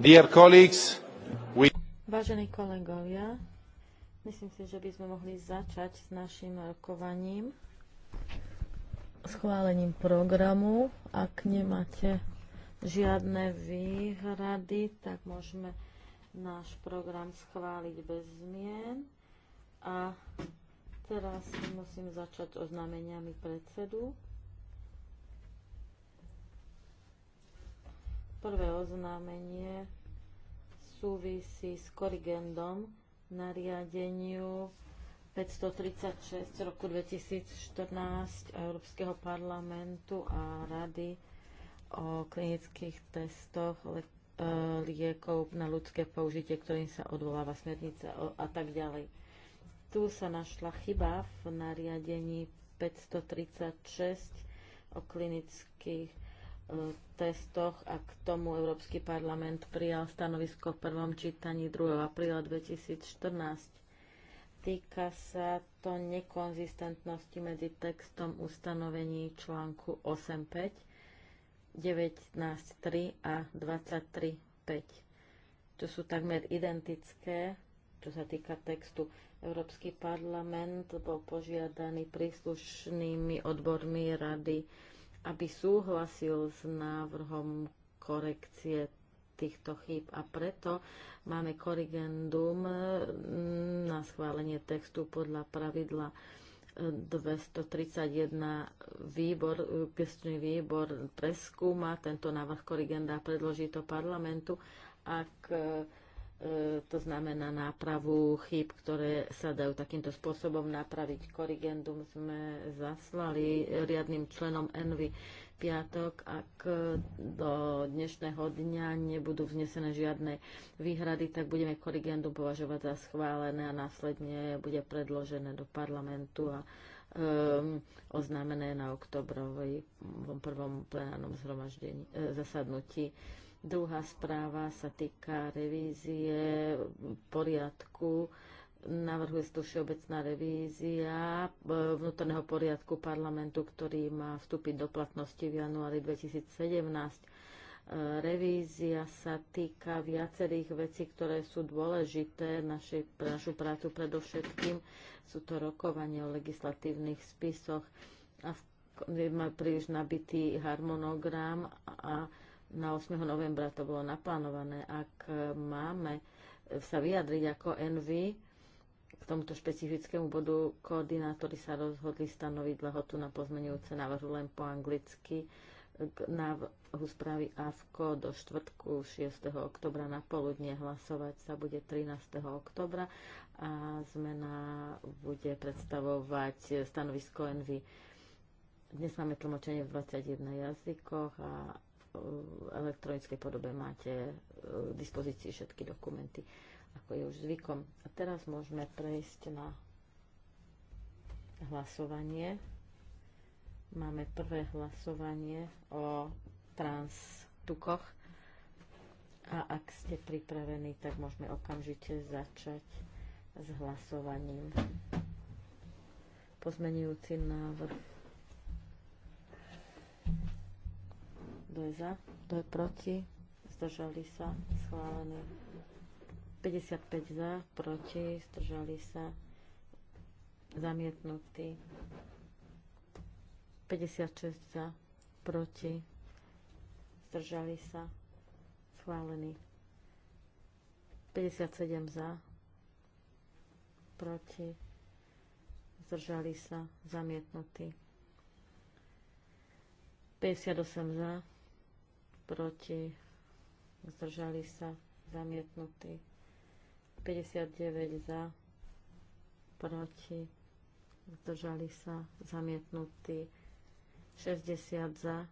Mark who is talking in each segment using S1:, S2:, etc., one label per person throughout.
S1: Dear colleagues,
S2: we... Vážení kolegovia, myslím si, že by sme mohli začať s našim rokovaním, schválením programu. Ak nemáte žiadne výhrady, tak môžeme náš program schváliť bez zmien. A teraz musím začať oznámeniami predsedu. Prvé oznámenie súvisí s korigendom nariadeniu 536 roku 2014 Európskeho parlamentu a Rady o klinických testoch e, liekov na ľudské použitie, ktorým sa odvoláva smernica a tak ďalej. Tu sa našla chyba v nariadení 536 o klinických testoch a k tomu Európsky parlament prijal stanovisko v prvom čítaní 2. apríla 2014. Týka sa to nekonzistentnosti medzi textom ustanovení článku 8.5, 19.3 a 23.5. To sú takmer identické, čo sa týka textu. Európsky parlament bol požiadaný príslušnými odbormi rady aby súhlasil s návrhom korekcie týchto chýb a preto máme korigendum na schválenie textu podľa pravidla 231 výbor, gestný výbor preskúma tento návrh korigenda a predloží to parlamentu. Ak E, to znamená nápravu chyb, ktoré sa dajú takýmto spôsobom napraviť. Korigendum sme zaslali riadnym členom Envy piatok, ak do dnešného dňa nebudú vznesené žiadne výhrady, tak budeme korigendum považovať za schválené a následne bude predložené do parlamentu a um, oznámené na oktobrovom prvom plenárnom zhromaždení, e, zasadnutí. Druhá správa sa týka revízie poriadku. Navrhuje sa to všeobecná revízia vnútorného poriadku parlamentu, ktorý má vstúpiť do platnosti v januári 2017. Revízia sa týka viacerých vecí, ktoré sú dôležité našej, pre našu prácu predovšetkým. Sú to rokovanie o legislatívnych spisoch a v, má príliš nabitý harmonogram a, a na 8. novembra to bolo naplánované. Ak e, máme e, sa vyjadriť ako Envy k tomuto špecifickému bodu, koordinátori sa rozhodli stanoviť lehotu na pozmenujúce návrhu len po anglicky e, k návrhu správy AFKO do štvrtku 6. oktobra na poludne. Hlasovať sa bude 13. oktobra a zmena bude predstavovať stanovisko Envy. Dnes máme tlmočenie v 21 jazykoch a elektronickej podobe máte e, v dispozícii všetky dokumenty, ako je už zvykom. A teraz môžeme prejsť na hlasovanie. Máme prvé hlasovanie o transtukoch. A ak ste pripravení, tak môžeme okamžite začať s hlasovaním. Pozmenujúci návrh Kto je za? Kto je proti? Zdržali sa? Schválený. 55 za, proti, zdržali sa, zamietnutý. 56 za, proti, zdržali sa, schválený. 57 za, proti, zdržali sa, zamietnutý. 58 za, proti, zdržali sa, zamietnutí. 59 za, proti, zdržali sa, zamietnutí. 60 za,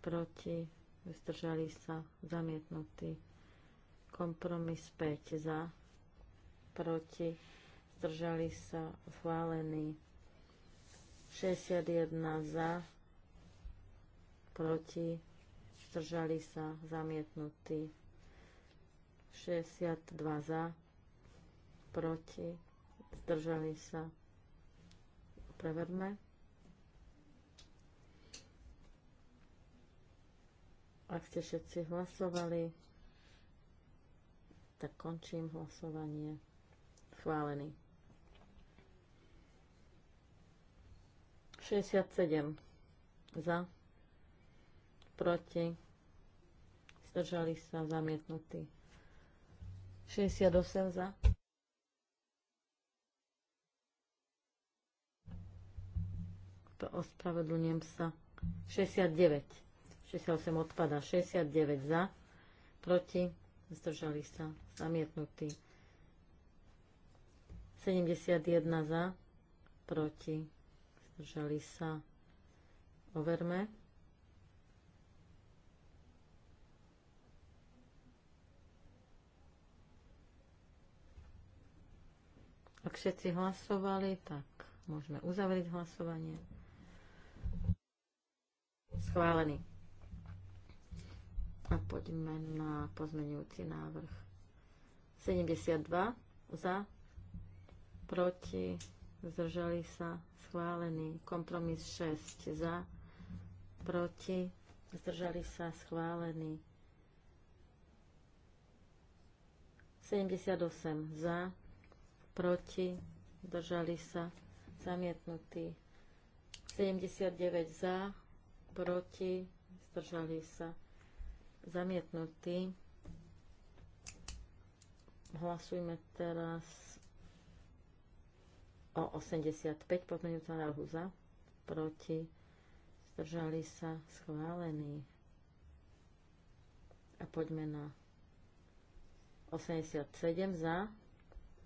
S2: proti, zdržali sa, zamietnutí. Kompromis 5 za, proti, zdržali sa, schválený. 61 za, proti, zdržali sa, zamietnutí. 62 za, proti, zdržali sa. Preverme. Ak ste všetci hlasovali, tak končím hlasovanie. Schválený. 67 za, proti, zdržali sa, zamietnutí. 68 za. Ospravedlňujem sa. 69. 68 odpada. 69 za. Proti. Zdržali sa. Zamietnutí. 71 za. Proti. Zdržali sa. Overme. Ak všetci hlasovali, tak môžeme uzavrieť hlasovanie. Schválený. A poďme na pozmenujúci návrh. 72 za, proti, zdržali sa, schválený. Kompromis 6 za, proti, zdržali sa, schválený. 78 za, proti, zdržali sa, zamietnutí. 79 za, proti, zdržali sa, zamietnutí. Hlasujme teraz o 85 podmenujúca návrhu za, proti, zdržali sa, schválení. A poďme na 87 za,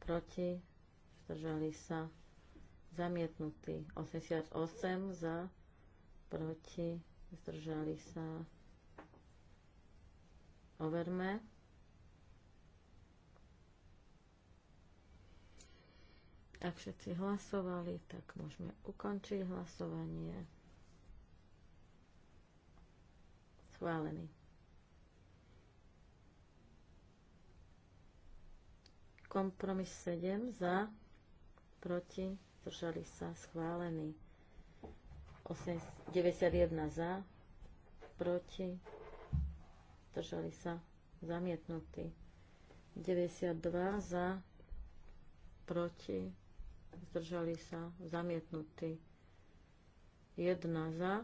S2: proti, zdržali sa, zamietnutý. 88 za, proti, zdržali sa. Overme. Ak všetci hlasovali, tak môžeme ukončiť hlasovanie. Schválený. Kompromis 7 za, proti, držali sa, schválený. 91 za, proti, zdržali sa, zamietnutý. 92 za, proti, zdržali sa, zamietnutý. 1 za,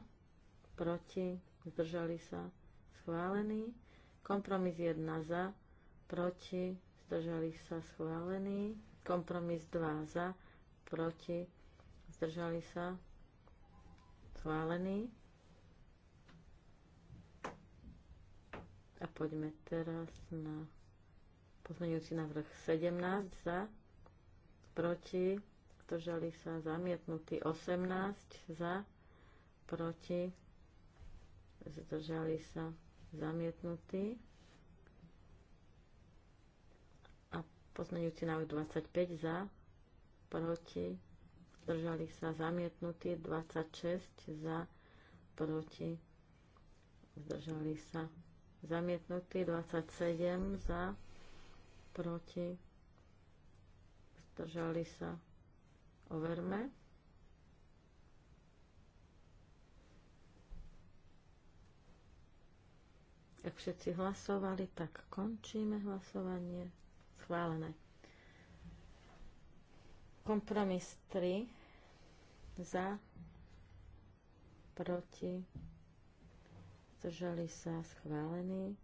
S2: proti, zdržali sa, schválený. Kompromis 1 za, proti, zdržali sa schválený. Kompromis 2 za, proti, zdržali sa schválený. A poďme teraz na pozmeňujúci návrh 17 za, proti, zdržali sa zamietnutí 18 za, proti, zdržali sa zamietnutí. Pozmeňujúci návrh 25 za, proti, zdržali sa zamietnutí, 26 za, proti, zdržali sa zamietnutí, 27 za, proti, zdržali sa, overme. Ak všetci hlasovali, tak končíme hlasovanie. Schválené. Kompromis 3. Za. Proti. Zdržali sa. Schválený.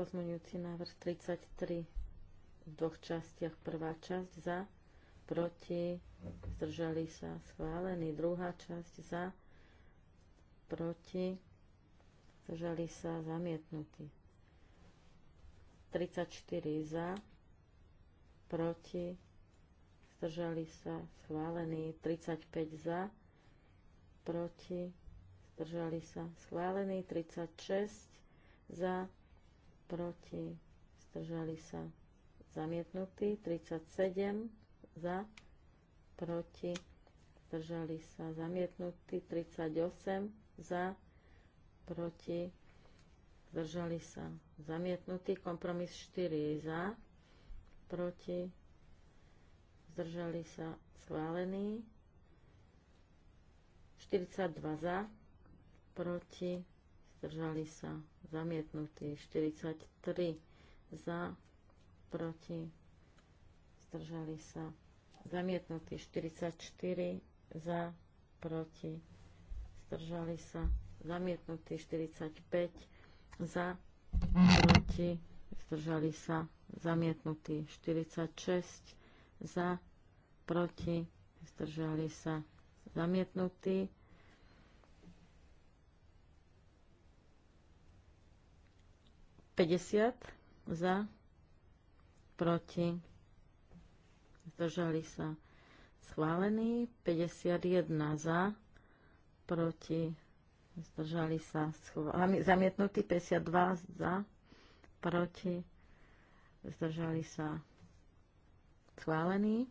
S2: Pozmeňujúci návrh 33 v dvoch častiach. Prvá časť za, proti, zdržali sa, schválený. Druhá časť za, proti, zdržali sa zamietnutí. 34 za, proti, zdržali sa schválení. 35 za, proti, zdržali sa schválení. 36 za, proti, zdržali sa zamietnutí. 37 za, proti, zdržali sa zamietnutí. 38 za, proti, proti, zdržali sa zamietnutí. Kompromis 4 za, proti, zdržali sa schválený. 42 za, proti, zdržali sa zamietnutí. 43 za, proti, zdržali sa zamietnutý, 44 za, proti, zdržali sa zamietnutý 45 za, proti, zdržali sa, zamietnutý 46 za, proti, zdržali sa, zamietnutý. za, proti, zdržali sa, schválený. 51 za, proti, zdržali sa zamietnutí. 52 za, proti, zdržali sa schválení.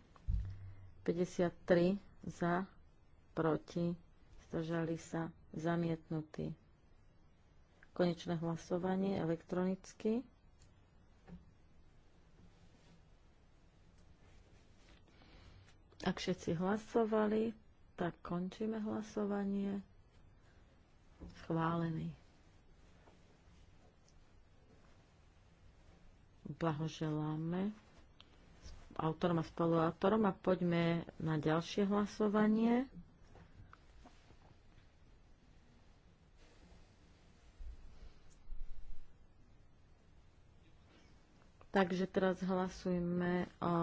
S2: 53 za, proti, zdržali sa zamietnutí. Konečné hlasovanie elektronicky. Ak všetci hlasovali, tak končíme hlasovanie chválený. Blahoželáme autorom a spoluautorom a poďme na ďalšie hlasovanie. Takže teraz hlasujme o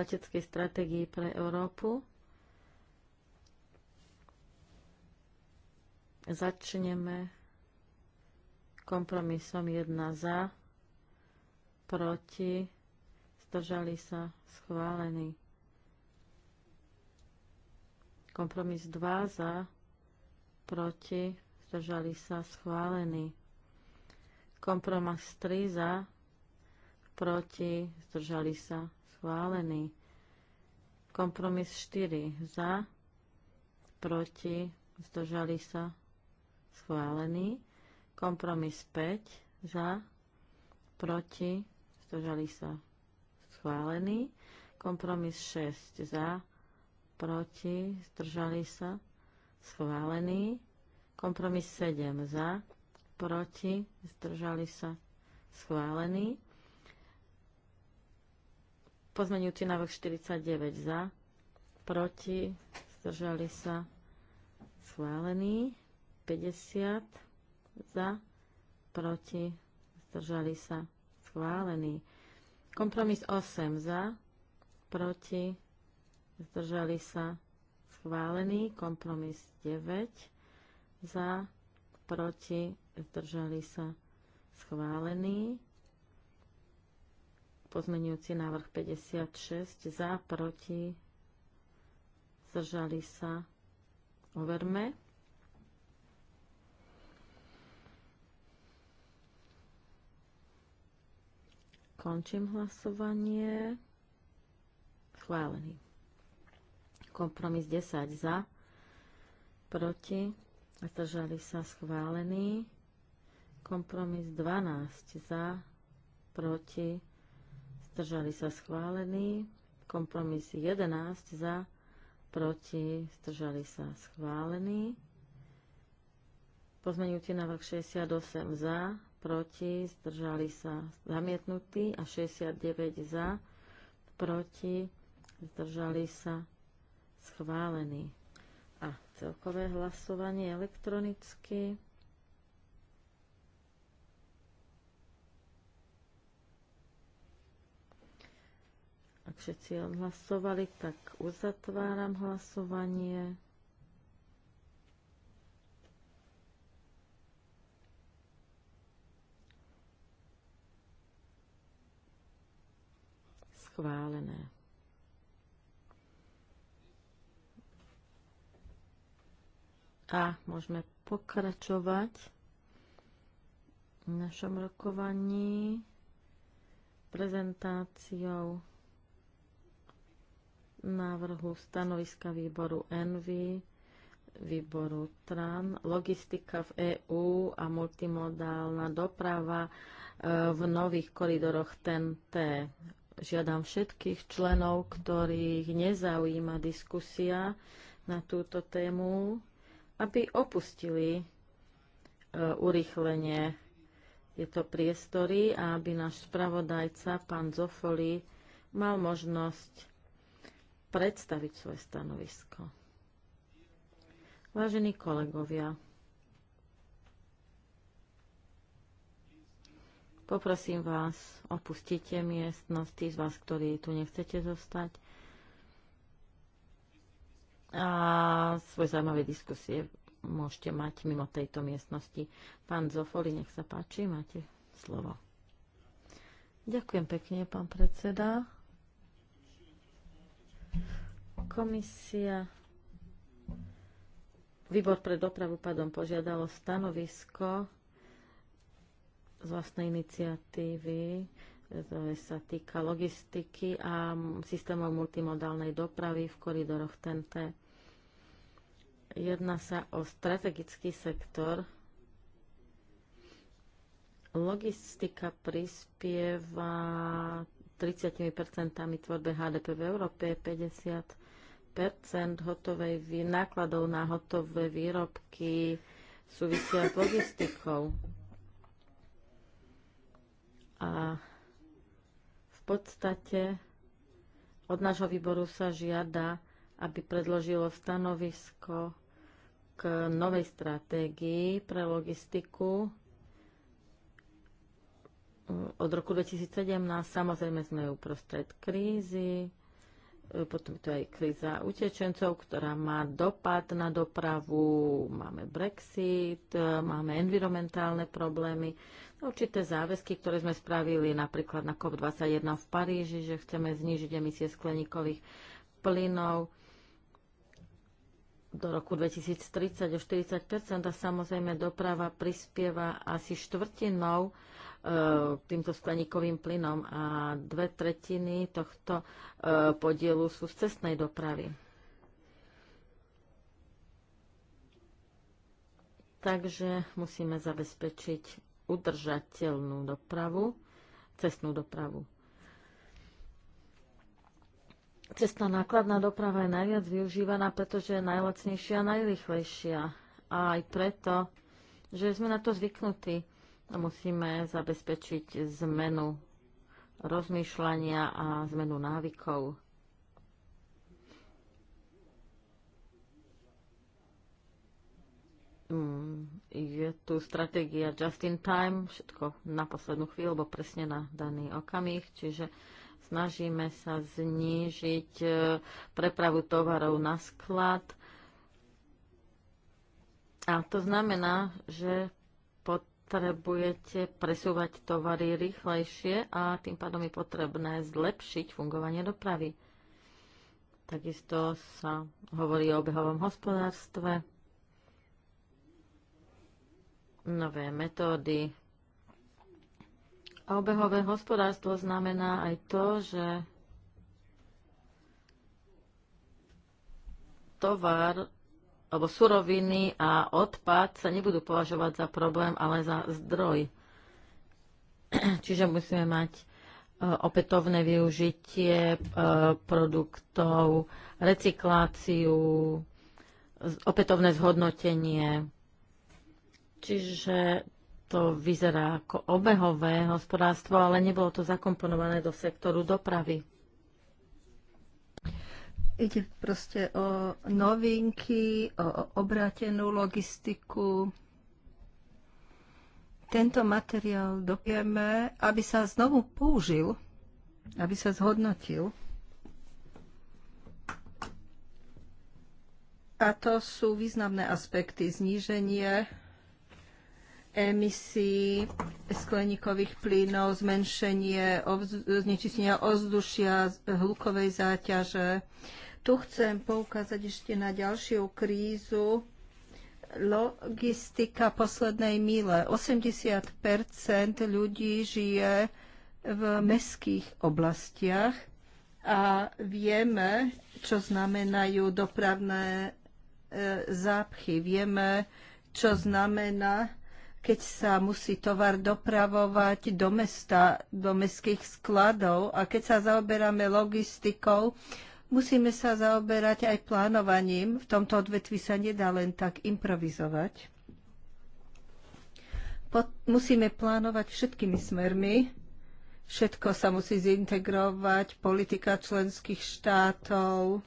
S2: leteckej stratégii pre Európu. Začneme kompromisom 1 za, proti, zdržali sa, schválený. Kompromis 2 za, proti, zdržali sa, schválený. Kompromis 3 za, proti, zdržali sa, schválený. Kompromis 4 za, proti, zdržali sa, schválený. Kompromis 5 za, proti, zdržali sa schválený. Kompromis 6 za, proti, zdržali sa schválený. Kompromis 7 za, proti, zdržali sa schválený. Pozmenujúci návrh 49 za, proti, zdržali sa schválený. 50 za, proti, zdržali sa, schválený. Kompromis 8 za, proti, zdržali sa, schválený. Kompromis 9 za, proti, zdržali sa, schválený. Pozmenujúci návrh 56 za, proti, zdržali sa, overme. Končím hlasovanie. Schválený. Kompromis 10 za, proti, zdržali sa schválený. Kompromis 12 za, proti, zdržali sa schválený. Kompromis 11 za, proti, zdržali sa schválený. Pozmenujúci návrh 68 za, proti, zdržali sa zamietnutí a 69 za, proti, zdržali sa schválení. A celkové hlasovanie elektronicky. Ak všetci odhlasovali, tak uzatváram hlasovanie. schválené. A môžeme pokračovať v našom rokovaní prezentáciou návrhu stanoviska výboru ENVY, výboru TRAN, logistika v EÚ a multimodálna doprava e, v nových koridoroch TNT žiadam všetkých členov, ktorých nezaujíma diskusia na túto tému, aby opustili e, urýchlenie tieto priestory a aby náš spravodajca, pán Zofoli, mal možnosť predstaviť svoje stanovisko. Vážení kolegovia, Poprosím vás, opustite miestnosť, tí z vás, ktorí tu nechcete zostať. A svoje zaujímavé diskusie môžete mať mimo tejto miestnosti. Pán Zofoli, nech sa páči, máte slovo. Ďakujem pekne, pán predseda. Komisia Výbor pre dopravu pádom požiadalo stanovisko z vlastnej iniciatívy, ktoré sa týka logistiky a systémov multimodálnej dopravy v koridoroch TNT. Jedná sa o strategický sektor. Logistika prispieva 30% tvorbe HDP v Európe, 50% hotovej nákladov na hotové výrobky súvisia s logistikou. A v podstate od nášho výboru sa žiada, aby predložilo stanovisko k novej stratégii pre logistiku od roku 2017. Samozrejme sme uprostred krízy, E, potom tu aj kríza utečencov, ktorá má dopad na dopravu, máme Brexit, e, máme environmentálne problémy, určité záväzky, ktoré sme spravili napríklad na COP21 v Paríži, že chceme znížiť emisie skleníkových plynov do roku 2030 o 40 a samozrejme doprava prispieva asi štvrtinou E, týmto skleníkovým plynom a dve tretiny tohto e, podielu sú z cestnej dopravy. Takže musíme zabezpečiť udržateľnú dopravu, cestnú dopravu. Cestná nákladná doprava je najviac využívaná, pretože je najlacnejšia a najrychlejšia. A aj preto, že sme na to zvyknutí Musíme zabezpečiť zmenu rozmýšľania a zmenu návykov. Mm, je tu stratégia just in time, všetko na poslednú chvíľu, lebo presne na daný okamih, čiže snažíme sa znížiť e, prepravu tovarov na sklad. A to znamená, že potrebujete presúvať tovary rýchlejšie a tým pádom je potrebné zlepšiť fungovanie dopravy. Takisto sa hovorí o obehovom hospodárstve, nové metódy. A obehové hospodárstvo znamená aj to, že tovar alebo suroviny a odpad sa nebudú považovať za problém, ale za zdroj. Čiže musíme mať e, opätovné využitie e, produktov, recykláciu, opätovné zhodnotenie. Čiže to vyzerá ako obehové hospodárstvo, ale nebolo to zakomponované do sektoru dopravy.
S1: Ide proste o novinky, o obrátenú logistiku. Tento materiál dopieme, aby sa znovu použil, aby sa zhodnotil. A to sú významné aspekty zníženie emisí skleníkových plynov, zmenšenie znečistenia ovzdušia, hlukovej záťaže. Tu chcem poukázať ešte na ďalšiu krízu. Logistika poslednej míle. 80 ľudí žije v meských oblastiach a vieme, čo znamenajú dopravné e, zápchy. Vieme, čo znamená keď sa musí tovar dopravovať do mesta, do mestských skladov a keď sa zaoberáme logistikou, musíme sa zaoberať aj plánovaním. V tomto odvetvi sa nedá len tak improvizovať. Pot- musíme plánovať všetkými smermi. Všetko sa musí zintegrovať, politika členských štátov,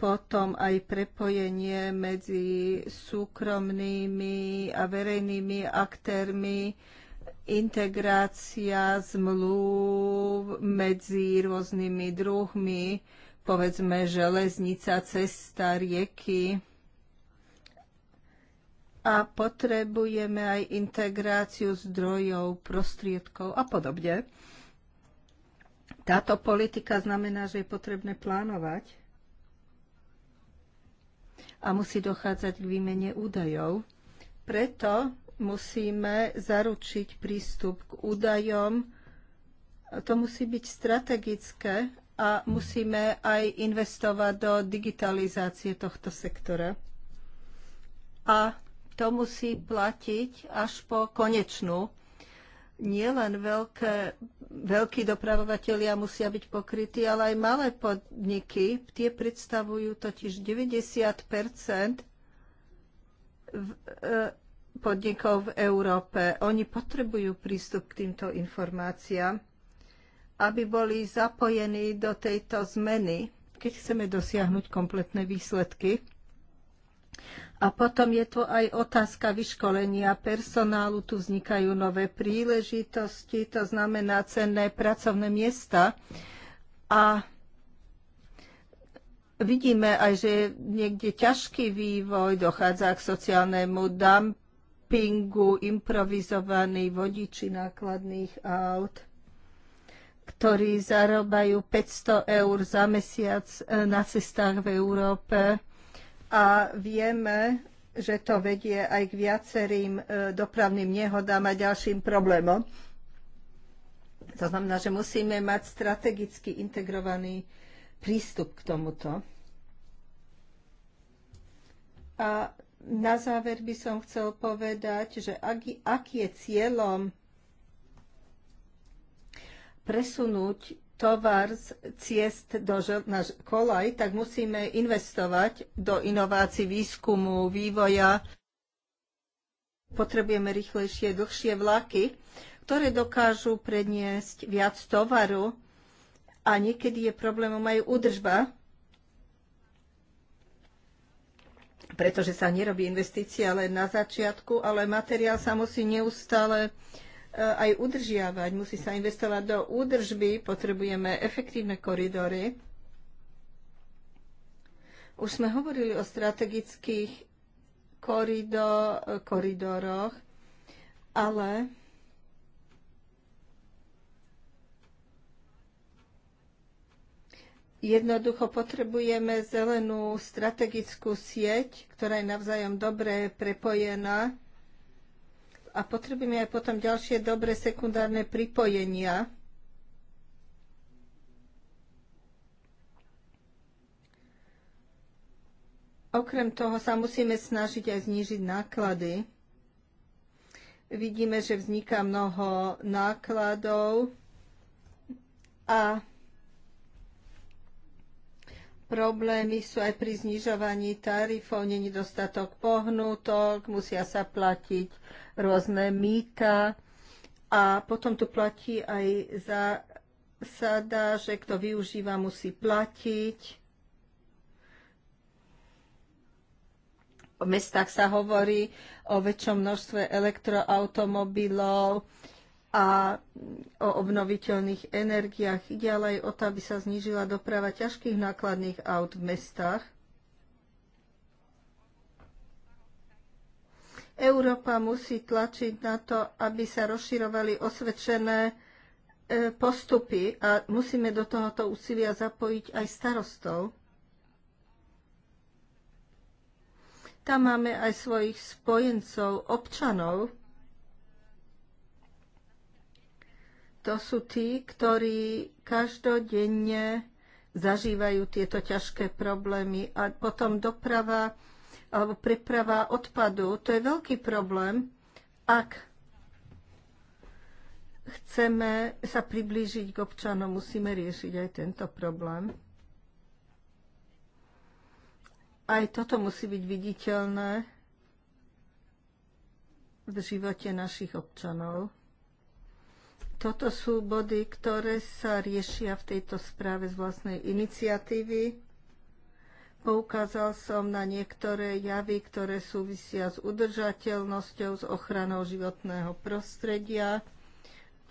S1: potom aj prepojenie medzi súkromnými a verejnými aktérmi, integrácia zmluv medzi rôznymi druhmi, povedzme železnica, cesta, rieky. A potrebujeme aj integráciu zdrojov, prostriedkov a podobne. Táto politika znamená, že je potrebné plánovať a musí dochádzať k výmene údajov. Preto musíme zaručiť prístup k údajom. To musí byť strategické a musíme aj investovať do digitalizácie tohto sektora. A to musí platiť až po konečnú nielen veľké, veľkí dopravovatelia musia byť pokrytí, ale aj malé podniky. Tie predstavujú totiž 90 e, podnikov v Európe. Oni potrebujú prístup k týmto informáciám, aby boli zapojení do tejto zmeny, keď chceme dosiahnuť kompletné výsledky. A potom je tu aj otázka vyškolenia personálu, tu vznikajú nové príležitosti, to znamená cenné pracovné miesta. A vidíme aj, že je niekde ťažký vývoj, dochádza k sociálnemu dumpingu, improvizovaní vodiči nákladných aut ktorí zarobajú 500 eur za mesiac eh, na cestách v Európe a vieme, že to vedie aj k viacerým e, dopravným nehodám a ďalším problémom. To znamená, že musíme mať strategicky integrovaný prístup k tomuto. A na záver by som chcel povedať, že ak, ak je cieľom presunúť tovar z ciest do na kolaj, tak musíme investovať do inovácií, výskumu, vývoja. Potrebujeme rýchlejšie, dlhšie vlaky, ktoré dokážu predniesť viac tovaru a niekedy je problémom aj údržba, pretože sa nerobí investícia len na začiatku, ale materiál sa musí neustále uh, Eh, aj udržiavať, musí sa investovať do údržby, potrebujeme efektívne koridory. Už sme hovorili o strategických korido, eh, koridoroch, ale Jednoducho potrebujeme zelenú strategickú sieť, ktorá je navzájom dobre prepojená a potrebujeme aj potom ďalšie dobré sekundárne pripojenia. Okrem toho sa musíme snažiť aj znížiť náklady. Vidíme, že vzniká mnoho nákladov a Problémy sú aj pri znižovaní tarifov, není dostatok pohnutok, musia sa platiť rôzne mýta a potom tu platí aj sada, že kto využíva, musí platiť. V mestách sa hovorí o väčšom množstve elektroautomobilov, a o obnoviteľných energiách. Ide ale aj o to, aby sa znížila doprava ťažkých nákladných aut v mestách. Európa musí tlačiť na to, aby sa rozširovali osvedčené e, postupy a musíme do tohoto úsilia zapojiť aj starostov. Tam máme aj svojich spojencov, občanov, to sú tí, ktorí každodenne zažívajú tieto ťažké problémy. A potom doprava alebo preprava odpadu, to je veľký problém, ak chceme sa priblížiť k občanom, musíme riešiť aj tento problém. Aj toto musí byť viditeľné v živote našich občanov. Toto sú body, ktoré sa riešia v tejto správe z vlastnej iniciatívy. Poukázal som na niektoré javy, ktoré súvisia s udržateľnosťou, s ochranou životného prostredia.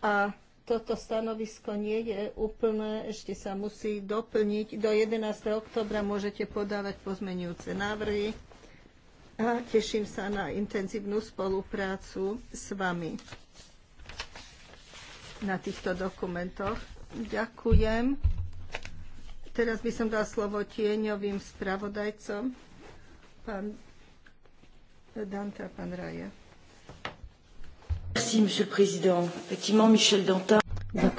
S1: A toto stanovisko nie je úplné, ešte sa musí doplniť. Do 11. oktobra môžete podávať pozmenujúce návrhy. A teším sa na intenzívnu spoluprácu s vami na týchto dokumentoch. Ďakujem. Teraz by som dal slovo tieňovým spravodajcom, pán Danta, pán Raje. Merci, monsieur le
S2: président. Effectivement, Michel Dantin.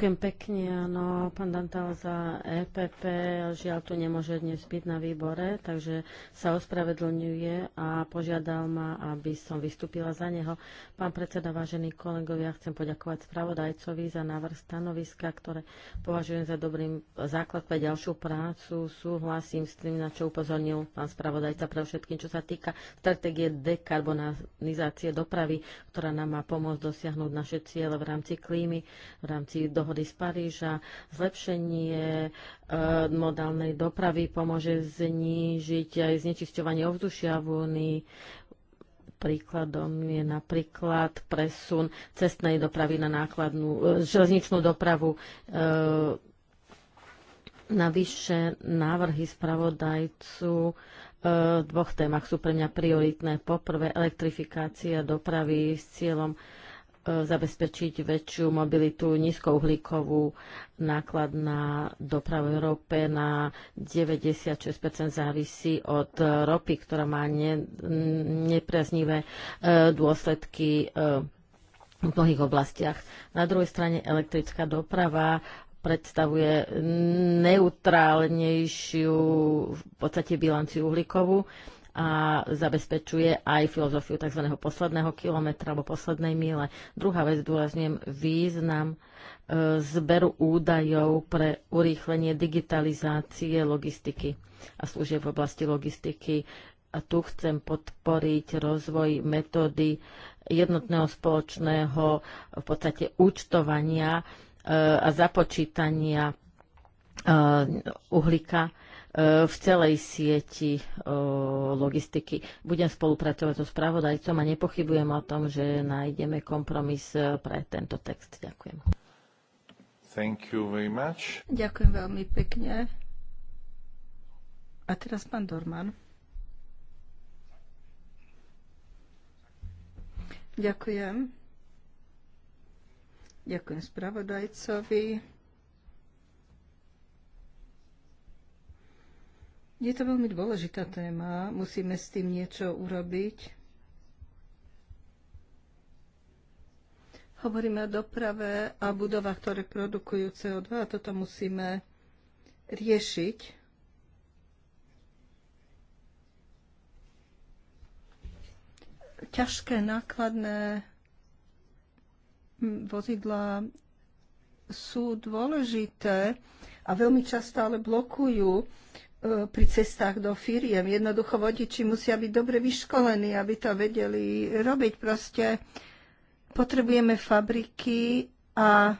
S2: Ďakujem pekne, áno, pán Dantal za EPP. Žiaľ, tu nemôže dnes byť na výbore, takže sa ospravedlňuje a požiadal ma, aby som vystúpila za neho. Pán predseda, vážení kolegovia, chcem poďakovať spravodajcovi za návrh stanoviska, ktoré považujem za dobrým základ pre ďalšiu prácu. Súhlasím s tým, na čo upozornil pán spravodajca pre všetkým, čo sa týka stratégie dekarbonizácie dopravy, ktorá nám má pomôcť dosiahnuť naše ciele v rámci klímy, v rámci dohody dohody z Paríža, zlepšenie e, modálnej dopravy pomôže znížiť aj znečisťovanie ovzdušia v Únii. Príkladom je napríklad presun cestnej dopravy na nákladnú, e, železničnú dopravu. E, navyše návrhy spravodajcu v dvoch témach sú pre mňa prioritné. Poprvé, elektrifikácia dopravy s cieľom E, zabezpečiť väčšiu mobilitu nízkouhlíkovú náklad na dopravu v Európe na 96% závisí od ropy, ktorá má ne, nepriaznivé e, dôsledky e, v mnohých oblastiach. Na druhej strane elektrická doprava predstavuje neutrálnejšiu v podstate bilanciu uhlíkovú a zabezpečuje aj filozofiu tzv. posledného kilometra alebo poslednej míle. Druhá vec, dôrazňujem význam e, zberu údajov pre urýchlenie digitalizácie logistiky a služieb v oblasti logistiky. A tu chcem podporiť rozvoj metódy jednotného spoločného v podstate účtovania e, a započítania e, uhlíka E, v celej sieti e, logistiky. Budem spolupracovať so spravodajcom a nepochybujem o tom, že nájdeme kompromis e, pre tento text. Ďakujem.
S1: Thank you very much. Ďakujem veľmi pekne. A teraz pán Dorman. Ďakujem. Ďakujem spravodajcovi. Je to veľmi dôležitá téma, musíme s tým niečo urobiť. Hovoríme o doprave a budovách, ktoré produkujú CO2 a toto musíme riešiť. Ťažké nákladné vozidla sú dôležité a veľmi často ale blokujú E, pri cestách do firiem. Jednoducho vodiči musia byť dobre vyškolení, aby to vedeli robiť. Proste potrebujeme fabriky a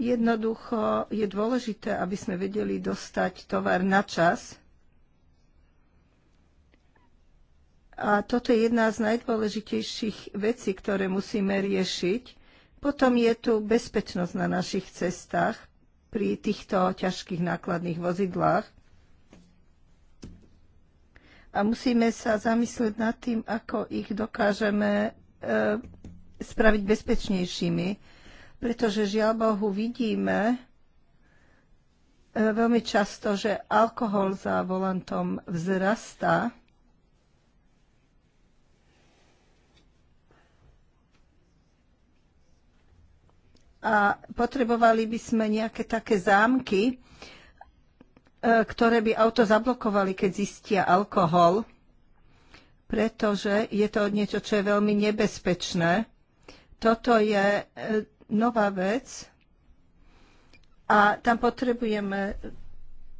S1: jednoducho je dôležité, aby sme vedeli dostať tovar na čas. A toto je jedna z najdôležitejších vecí, ktoré musíme riešiť. Potom je tu bezpečnosť na našich cestách, pri týchto ťažkých nákladných vozidlách. A musíme sa zamyslieť nad tým, ako ich dokážeme e, spraviť bezpečnejšími, pretože žiaľ Bohu vidíme, e, veľmi často, že alkohol za volantom vzrastá a potrebovali by sme nejaké také zámky, e, ktoré by auto zablokovali, keď zistia alkohol, pretože je to niečo, čo je veľmi nebezpečné. Toto je e, nová vec a tam potrebujeme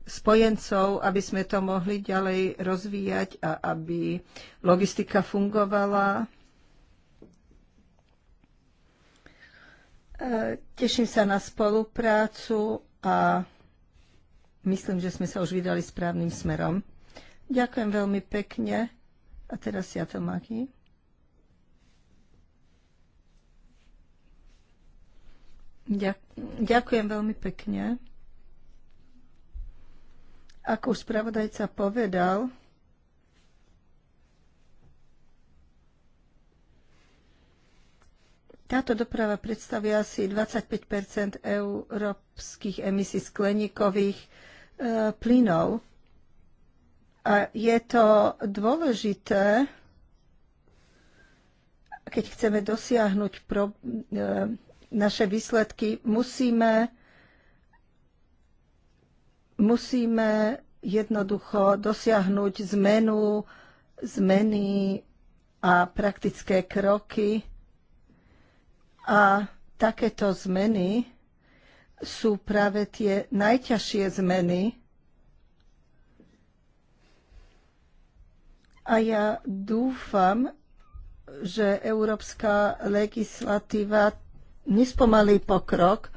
S1: spojencov, aby sme to mohli ďalej rozvíjať a aby logistika fungovala E, teším sa na spoluprácu a myslím, že sme sa už vydali správnym smerom. Ďakujem veľmi pekne. A teraz ja to Maki. Ďakujem veľmi pekne. Ako už spravodajca povedal, Táto doprava predstavuje asi 25 európskych emisí skleníkových e, plynov. A je to dôležité, keď chceme dosiahnuť pro, e, naše výsledky, musíme, musíme jednoducho dosiahnuť zmenu, zmeny a praktické kroky, a takéto zmeny sú práve tie najťažšie zmeny. A ja dúfam, že európska legislatíva nespomalí pokrok.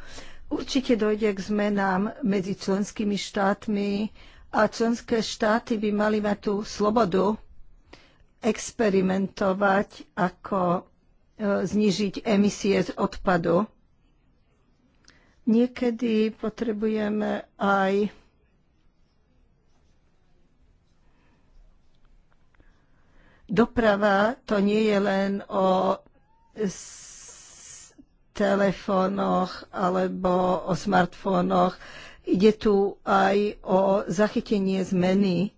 S1: Určite dojde k zmenám medzi členskými štátmi a členské štáty by mali mať tú slobodu experimentovať, ako znižiť emisie z odpadu. Niekedy potrebujeme aj doprava, to nie je len o telefónoch alebo o smartfónoch. Ide tu aj o zachytenie zmeny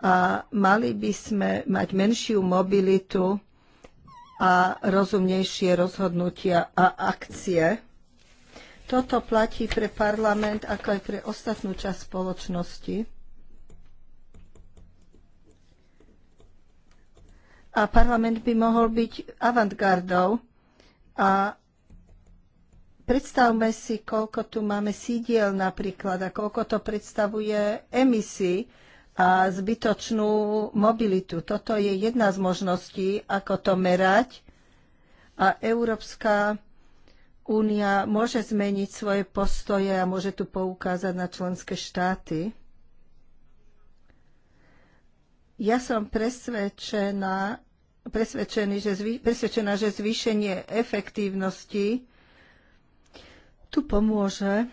S1: a mali by sme mať menšiu mobilitu a rozumnejšie rozhodnutia a akcie. Toto platí pre parlament, ako aj pre ostatnú časť spoločnosti. a parlament by mohol byť avantgardou. A predstavme si, koľko tu máme sídiel napríklad a koľko to predstavuje emisí a zbytočnú mobilitu. Toto je jedna z možností, ako to merať. A Európska únia môže zmeniť svoje postoje a môže tu poukázať na členské štáty. Ja som presvedčená, presvedčený, že zvý, presvedčená, že zvýšenie efektívnosti tu pomôže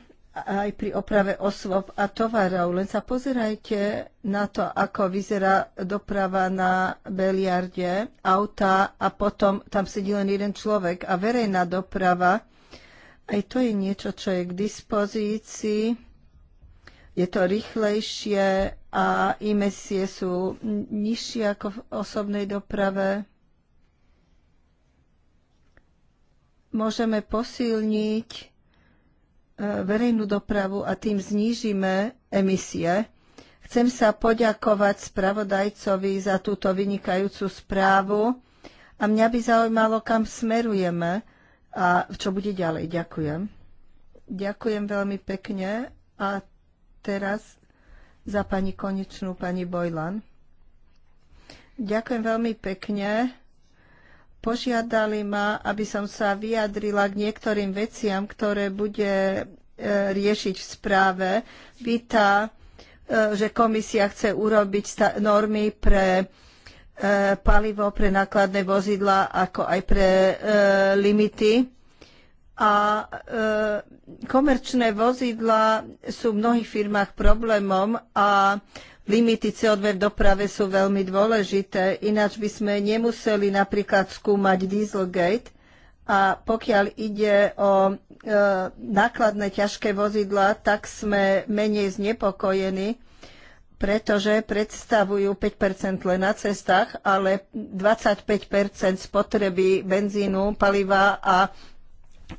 S1: aj pri oprave osôb a tovarov. Len sa pozerajte na to, ako vyzerá doprava na Beliarde, auta a potom tam sedí len jeden človek a verejná doprava. Aj to je niečo, čo je k dispozícii. Je to rýchlejšie a imesie sú nižšie ako v osobnej doprave. Môžeme posilniť verejnú dopravu a tým znížime emisie. Chcem sa poďakovať spravodajcovi za túto vynikajúcu správu a mňa by zaujímalo, kam smerujeme a čo bude ďalej. Ďakujem. Ďakujem veľmi pekne a teraz za pani Konečnú, pani Bojlan. Ďakujem veľmi pekne. Požiadali ma, aby som sa vyjadrila k niektorým veciam, ktoré bude e, riešiť v správe. Víta, e, že komisia chce urobiť normy pre e, palivo pre nákladné vozidla, ako aj pre limity a komerčné vozidlá sú v mnohých firmách problémom a Limity CO2 v doprave sú veľmi dôležité, ináč by sme nemuseli napríklad skúmať Dieselgate. A pokiaľ ide o e, nákladné ťažké vozidla, tak sme menej znepokojení, pretože predstavujú 5 len na cestách, ale 25 spotreby benzínu, paliva a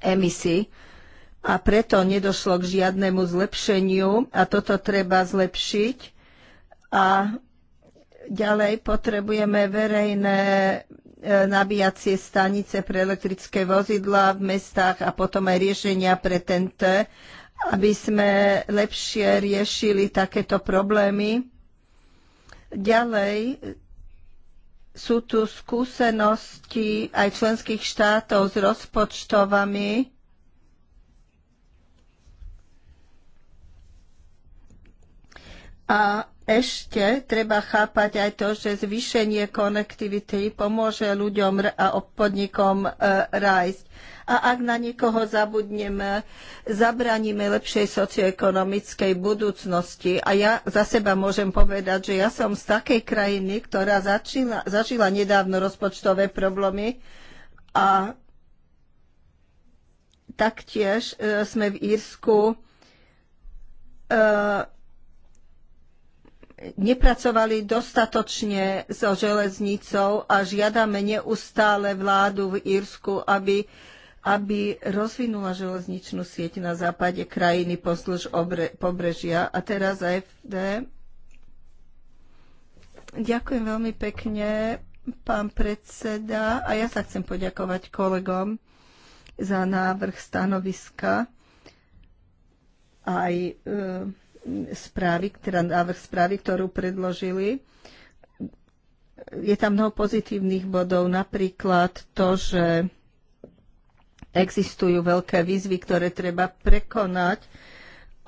S1: emisí a preto nedošlo k žiadnemu zlepšeniu a toto treba zlepšiť. A ďalej potrebujeme verejné e, nabíjacie stanice pre elektrické vozidla v mestách a potom aj riešenia pre TNT, aby sme lepšie riešili takéto problémy. Ďalej sú tu skúsenosti aj členských štátov s rozpočtovami. A ešte treba chápať aj to, že zvýšenie konektivity pomôže ľuďom a podnikom e, rájsť. A ak na niekoho zabudneme, zabraníme lepšej socioekonomickej budúcnosti. A ja za seba môžem povedať, že ja som z takej krajiny, ktorá začila, zažila nedávno rozpočtové problémy a taktiež e, sme v Írsku e, nepracovali dostatočne so železnicou a žiadame neustále vládu v Írsku, aby, aby rozvinula železničnú sieť na západe krajiny obre, pobrežia. A teraz AFD. Ďakujem veľmi pekne, pán predseda. A ja sa chcem poďakovať kolegom za návrh stanoviska aj uh, správy, teda návrh správy, ktorú predložili. Je tam mnoho pozitívnych bodov, napríklad to, že existujú veľké výzvy, ktoré treba prekonať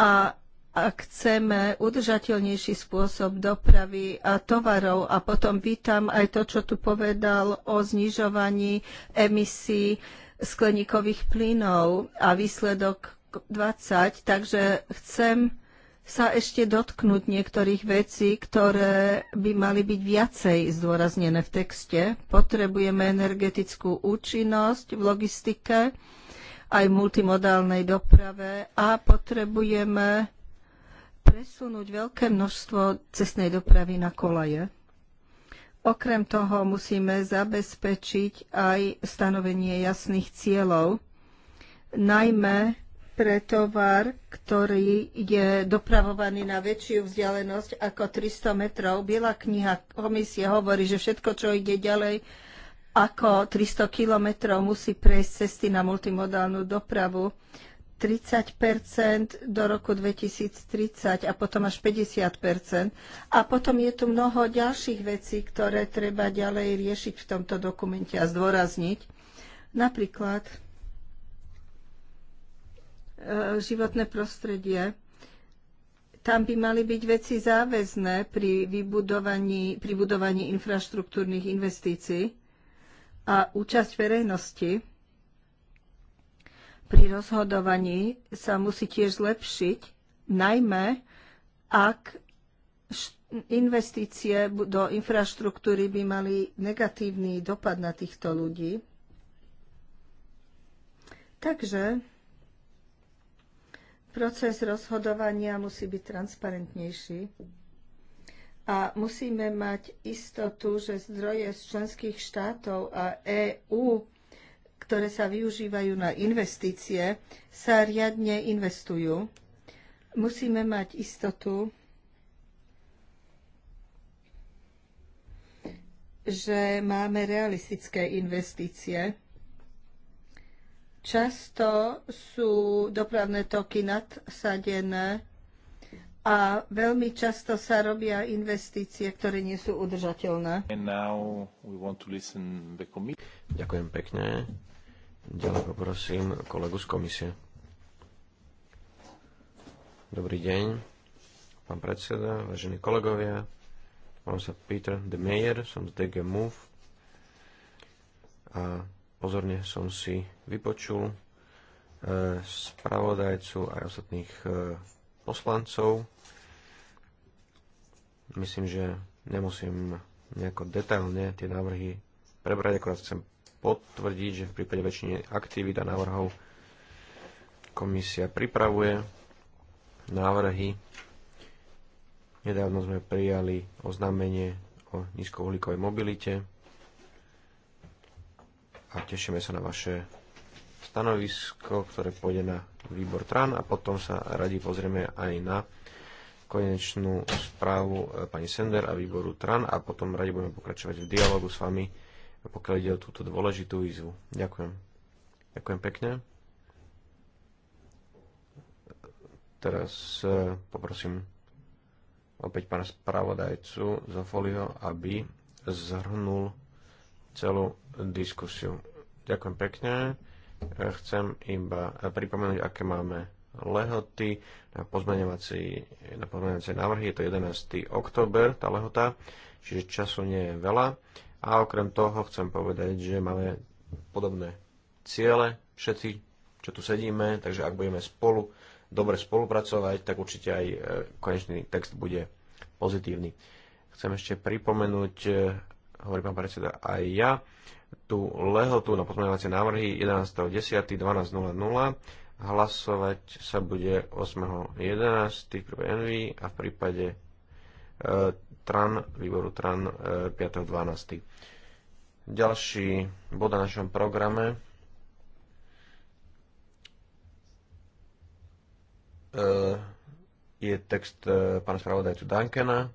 S1: a ak chceme udržateľnejší spôsob dopravy a tovarov. A potom vítam aj to, čo tu povedal o znižovaní emisí skleníkových plynov a výsledok 20. Takže chcem sa ešte dotknúť niektorých vecí, ktoré by mali byť viacej zdôraznené v texte. Potrebujeme energetickú účinnosť v logistike, aj v multimodálnej doprave a potrebujeme presunúť veľké množstvo cestnej dopravy na kolaje. Okrem toho musíme zabezpečiť aj stanovenie jasných cieľov, najmä pre tovar, ktorý je dopravovaný na väčšiu vzdialenosť ako 300 metrov. Biela kniha komisie hovorí, že všetko, čo ide ďalej ako 300 kilometrov, musí prejsť cesty na multimodálnu dopravu. 30 do roku 2030 a potom až 50 A potom je tu mnoho ďalších vecí, ktoré treba ďalej riešiť v tomto dokumente a zdôrazniť. Napríklad E, životné prostredie. Tam by mali byť veci záväzné pri vybudovaní, pri budovaní infraštruktúrnych investícií a účasť verejnosti pri rozhodovaní sa musí tiež zlepšiť, najmä ak investície do infraštruktúry by mali negatívny dopad na týchto ľudí. Takže Proces rozhodovania musí byť transparentnejší a musíme mať istotu, že zdroje z členských štátov a EÚ, ktoré sa využívajú na investície, sa riadne investujú. Musíme mať istotu, že máme realistické investície Často sú dopravné toky nadsadené a veľmi často sa robia investície, ktoré nie sú udržateľné.
S3: Ďakujem pekne. Ďalej poprosím kolegu z komisie. Dobrý deň, pán predseda, vážení kolegovia. Mám sa Peter de Meyer, som z DG Move a Pozorne som si vypočul e, spravodajcu aj ostatných e, poslancov. Myslím, že nemusím nejako detailne tie návrhy prebrať, akorát chcem potvrdiť, že v prípade väčšiny aktivít a návrhov komisia pripravuje návrhy. Nedávno sme prijali oznámenie o nízkouhlíkovej mobilite a tešíme sa na vaše stanovisko, ktoré pôjde na výbor TRAN a potom sa radi pozrieme aj na konečnú správu e, pani Sender a výboru TRAN a potom radi budeme pokračovať v dialogu s vami, pokiaľ ide o túto dôležitú výzvu. Ďakujem. Ďakujem pekne. Teraz e, poprosím opäť pána spravodajcu Zofolio, aby zhrnul celú diskusiu. Ďakujem pekne. E, chcem iba e, pripomenúť, aké máme lehoty na, pozmeňovací, na pozmeňovací návrhy. Je to 11. október, tá lehota, čiže času nie je veľa. A okrem toho chcem povedať, že máme podobné ciele, všetci, čo tu sedíme, takže ak budeme spolu dobre spolupracovať, tak určite aj e, konečný text bude pozitívny. Chcem ešte pripomenúť hovorí pán predseda, aj ja tú lehotu na pozmeňovacie návrhy 11.10.12.00 hlasovať sa bude 8.11. v prípade NV a v prípade e, TRAN, výboru TRAN e, 5.12. Ďalší bod na našom programe e, je text e, pána spravodajcu Dankena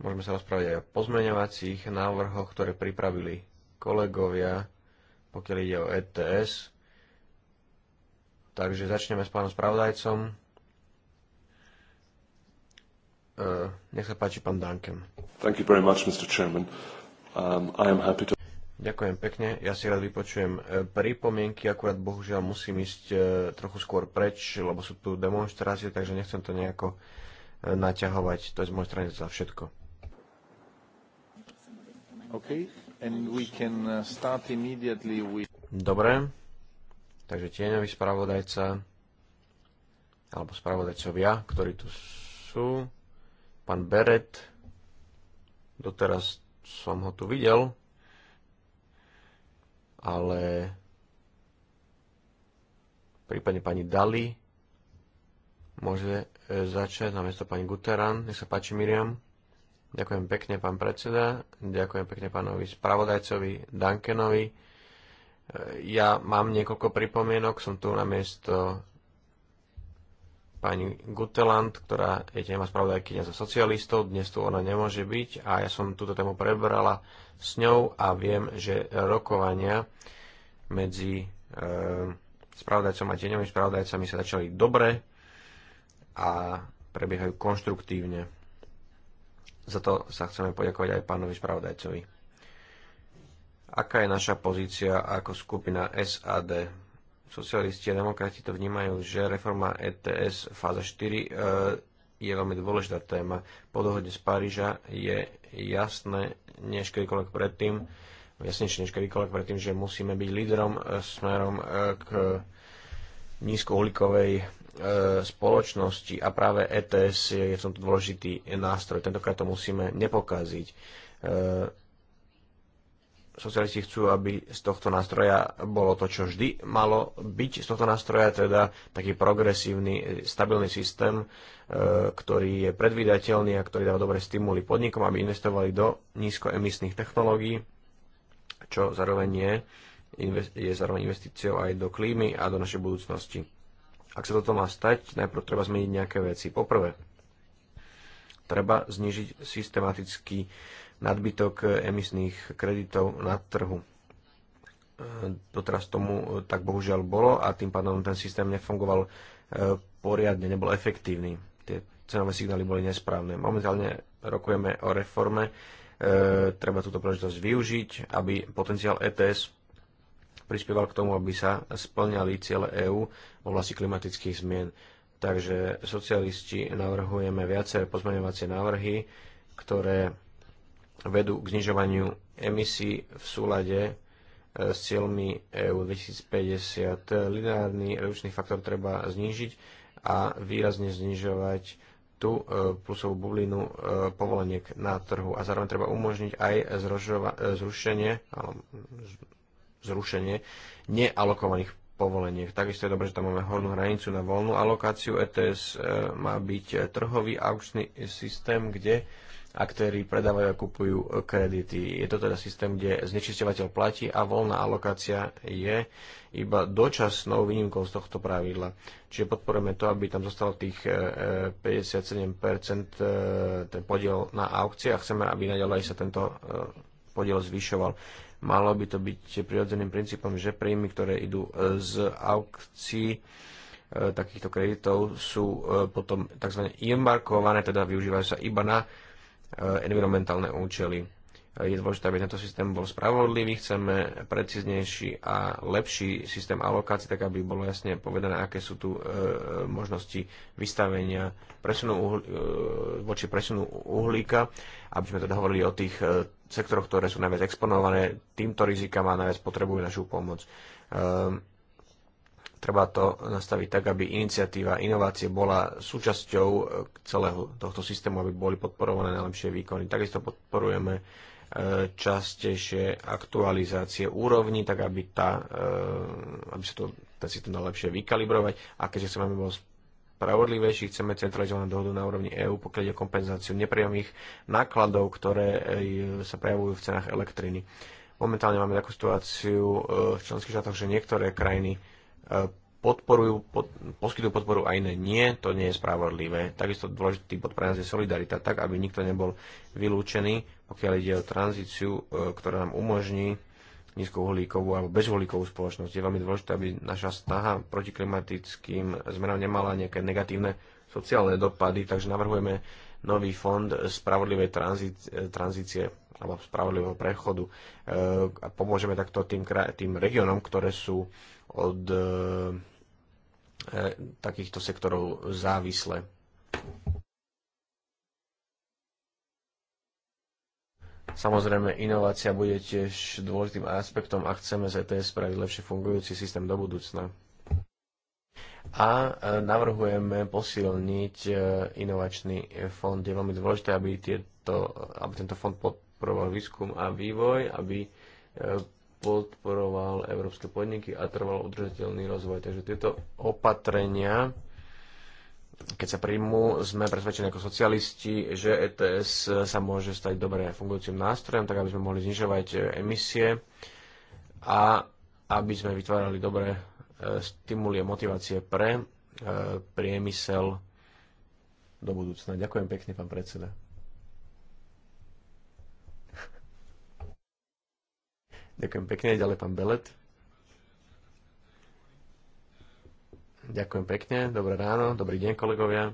S3: Môžeme sa rozprávať aj o pozmeňovacích návrhoch, ktoré pripravili kolegovia, pokiaľ ide o ETS. Takže začneme s pánom spravodajcom. Uh, nech sa páči, pán Duncan.
S2: Thank you very much, Mr. Chairman. Um, I am happy
S3: to... Ďakujem pekne. Ja si rád vypočujem e, pripomienky, akurát bohužiaľ musím ísť e, trochu skôr preč, lebo sú tu demonstrácie, takže nechcem to nejako naťahovať. To je z mojej strany za všetko.
S1: Okay. Uh, with...
S3: Dobre, takže tieňový spravodajca, alebo spravodajcovia, ktorí tu sú, pán Beret, doteraz som ho tu videl, ale prípadne pani Dali môže e, začať na miesto pani Guteran. Nech sa páči, Miriam. Ďakujem pekne, pán predseda. Ďakujem pekne pánovi spravodajcovi Dankenovi. Ja mám niekoľko pripomienok. Som tu na miesto pani Guteland, ktorá je téma spravodajkynia za socialistov. Dnes tu ona nemôže byť a ja som túto tému prebrala s ňou a viem, že rokovania medzi e, spravodajcom a tieňovými spravodajcami sa začali dobre a prebiehajú konštruktívne. Za to sa chceme poďakovať aj pánovi spravodajcovi. Aká je naša pozícia ako skupina SAD? Socialisti a demokrati to vnímajú, že reforma ETS fáza 4 e, je veľmi dôležitá téma. Po dohode z Paríža je jasné, než kedykoľvek predtým, jasnejšie než kedykoľvek predtým, že musíme byť lídrom e, smerom e, k nízkouhlíkovej E, spoločnosti a práve ETS je v tomto dôležitý nástroj. Tentokrát to musíme nepokaziť. E, socialisti chcú, aby z tohto nástroja bolo to, čo vždy malo byť z tohto nástroja, teda taký progresívny, stabilný systém, e, ktorý je predvydateľný a ktorý dáva dobre stimuly podnikom, aby investovali do nízkoemisných technológií, čo zároveň je, je zároveň investíciou aj do klímy a do našej budúcnosti ak sa toto má stať, najprv treba zmeniť nejaké veci. Poprvé, treba znižiť systematický nadbytok emisných kreditov na trhu. Doteraz tomu tak bohužiaľ bolo a tým pádom ten systém nefungoval e, poriadne, nebol efektívny. Tie cenové signály boli nesprávne. Momentálne rokujeme o reforme, e, treba túto príležitosť využiť, aby potenciál ETS prispieval k tomu, aby sa splňali ciele EÚ v oblasti klimatických zmien. Takže socialisti navrhujeme viaceré pozmeňovacie návrhy, ktoré vedú k znižovaniu emisí v súlade e, s cieľmi EU 2050. Lineárny redučný faktor treba znížiť a výrazne znižovať tú e, plusovú bublinu e, povoleniek na trhu a zároveň treba umožniť aj zrušenie zrušenie nealokovaných povoleniek. Takisto je dobré, že tam máme hornú hranicu na voľnú alokáciu. ETS e, má byť e, trhový aukčný systém, kde aktéry predávajú a kupujú kredity. Je to teda systém, kde znečisťovateľ platí a voľná alokácia je iba dočasnou výnimkou z tohto pravidla. Čiže podporujeme to, aby tam zostalo tých 57% e, ten podiel na aukcie a chceme, aby naďalej sa tento podiel zvyšoval. Malo by to byť prirodzeným princípom, že príjmy, ktoré idú e, z aukcií e, takýchto kreditov, sú e, potom tzv. embarkované, teda využívajú sa iba na environmentálne účely je dôležité, aby tento systém bol spravodlivý, chceme preciznejší a lepší systém alokácií, tak aby bolo jasne povedané, aké sú tu e, možnosti vystavenia presunu uhl- e, voči presunu uhlíka, aby sme teda hovorili o tých e, sektoroch, ktoré sú najviac exponované týmto rizikám a najviac potrebujú našu pomoc. E, treba to nastaviť tak, aby iniciatíva, inovácie bola súčasťou e, celého tohto systému, aby boli podporované najlepšie výkony. Takisto podporujeme častejšie aktualizácie úrovní, tak aby, tá, e, aby sa to, ten systém dal lepšie vykalibrovať. A keďže sa máme bol spravodlivejší, chceme centralizovanú dohodu na úrovni EÚ, pokiaľ ide kompenzáciu nepriamých nákladov, ktoré e, sa prejavujú v cenách elektriny. Momentálne máme takú situáciu e, v členských štátoch, že niektoré krajiny podporujú, pod, poskytujú podporu a iné nie, to nie je spravodlivé. Takisto dôležitý bod pre nás je solidarita, tak aby nikto nebol vylúčený, pokiaľ ide o tranzíciu, e, ktorá nám umožní nízkouhlíkovú alebo bezuhlíkovú spoločnosť. Je veľmi dôležité, aby naša snaha proti klimatickým zmenám nemala nejaké negatívne sociálne dopady, takže navrhujeme nový fond spravodlivej tranzície, tranzície alebo spravodlivého prechodu e, a pomôžeme takto tým, tým regiónom, ktoré sú od e, E, takýchto sektorov závislé. Samozrejme, inovácia bude tiež dôležitým aspektom, ak chceme z ETS spraviť lepšie fungujúci systém do budúcna. A e, navrhujeme posilniť e, inovačný fond. Je veľmi dôležité, aby, tieto, aby tento fond podporoval výskum a vývoj, aby podporoval európske podniky a trval udržateľný rozvoj. Takže tieto opatrenia, keď sa príjmu, sme presvedčení ako socialisti, že ETS sa môže stať dobre fungujúcim nástrojom, tak aby sme mohli znižovať e, emisie a aby sme vytvárali dobré e, stimuly a motivácie pre e, priemysel do budúcna. Ďakujem pekne, pán predseda. Ďakujem pekne, ďalej pán Belet. Ďakujem pekne, dobré ráno, dobrý deň kolegovia.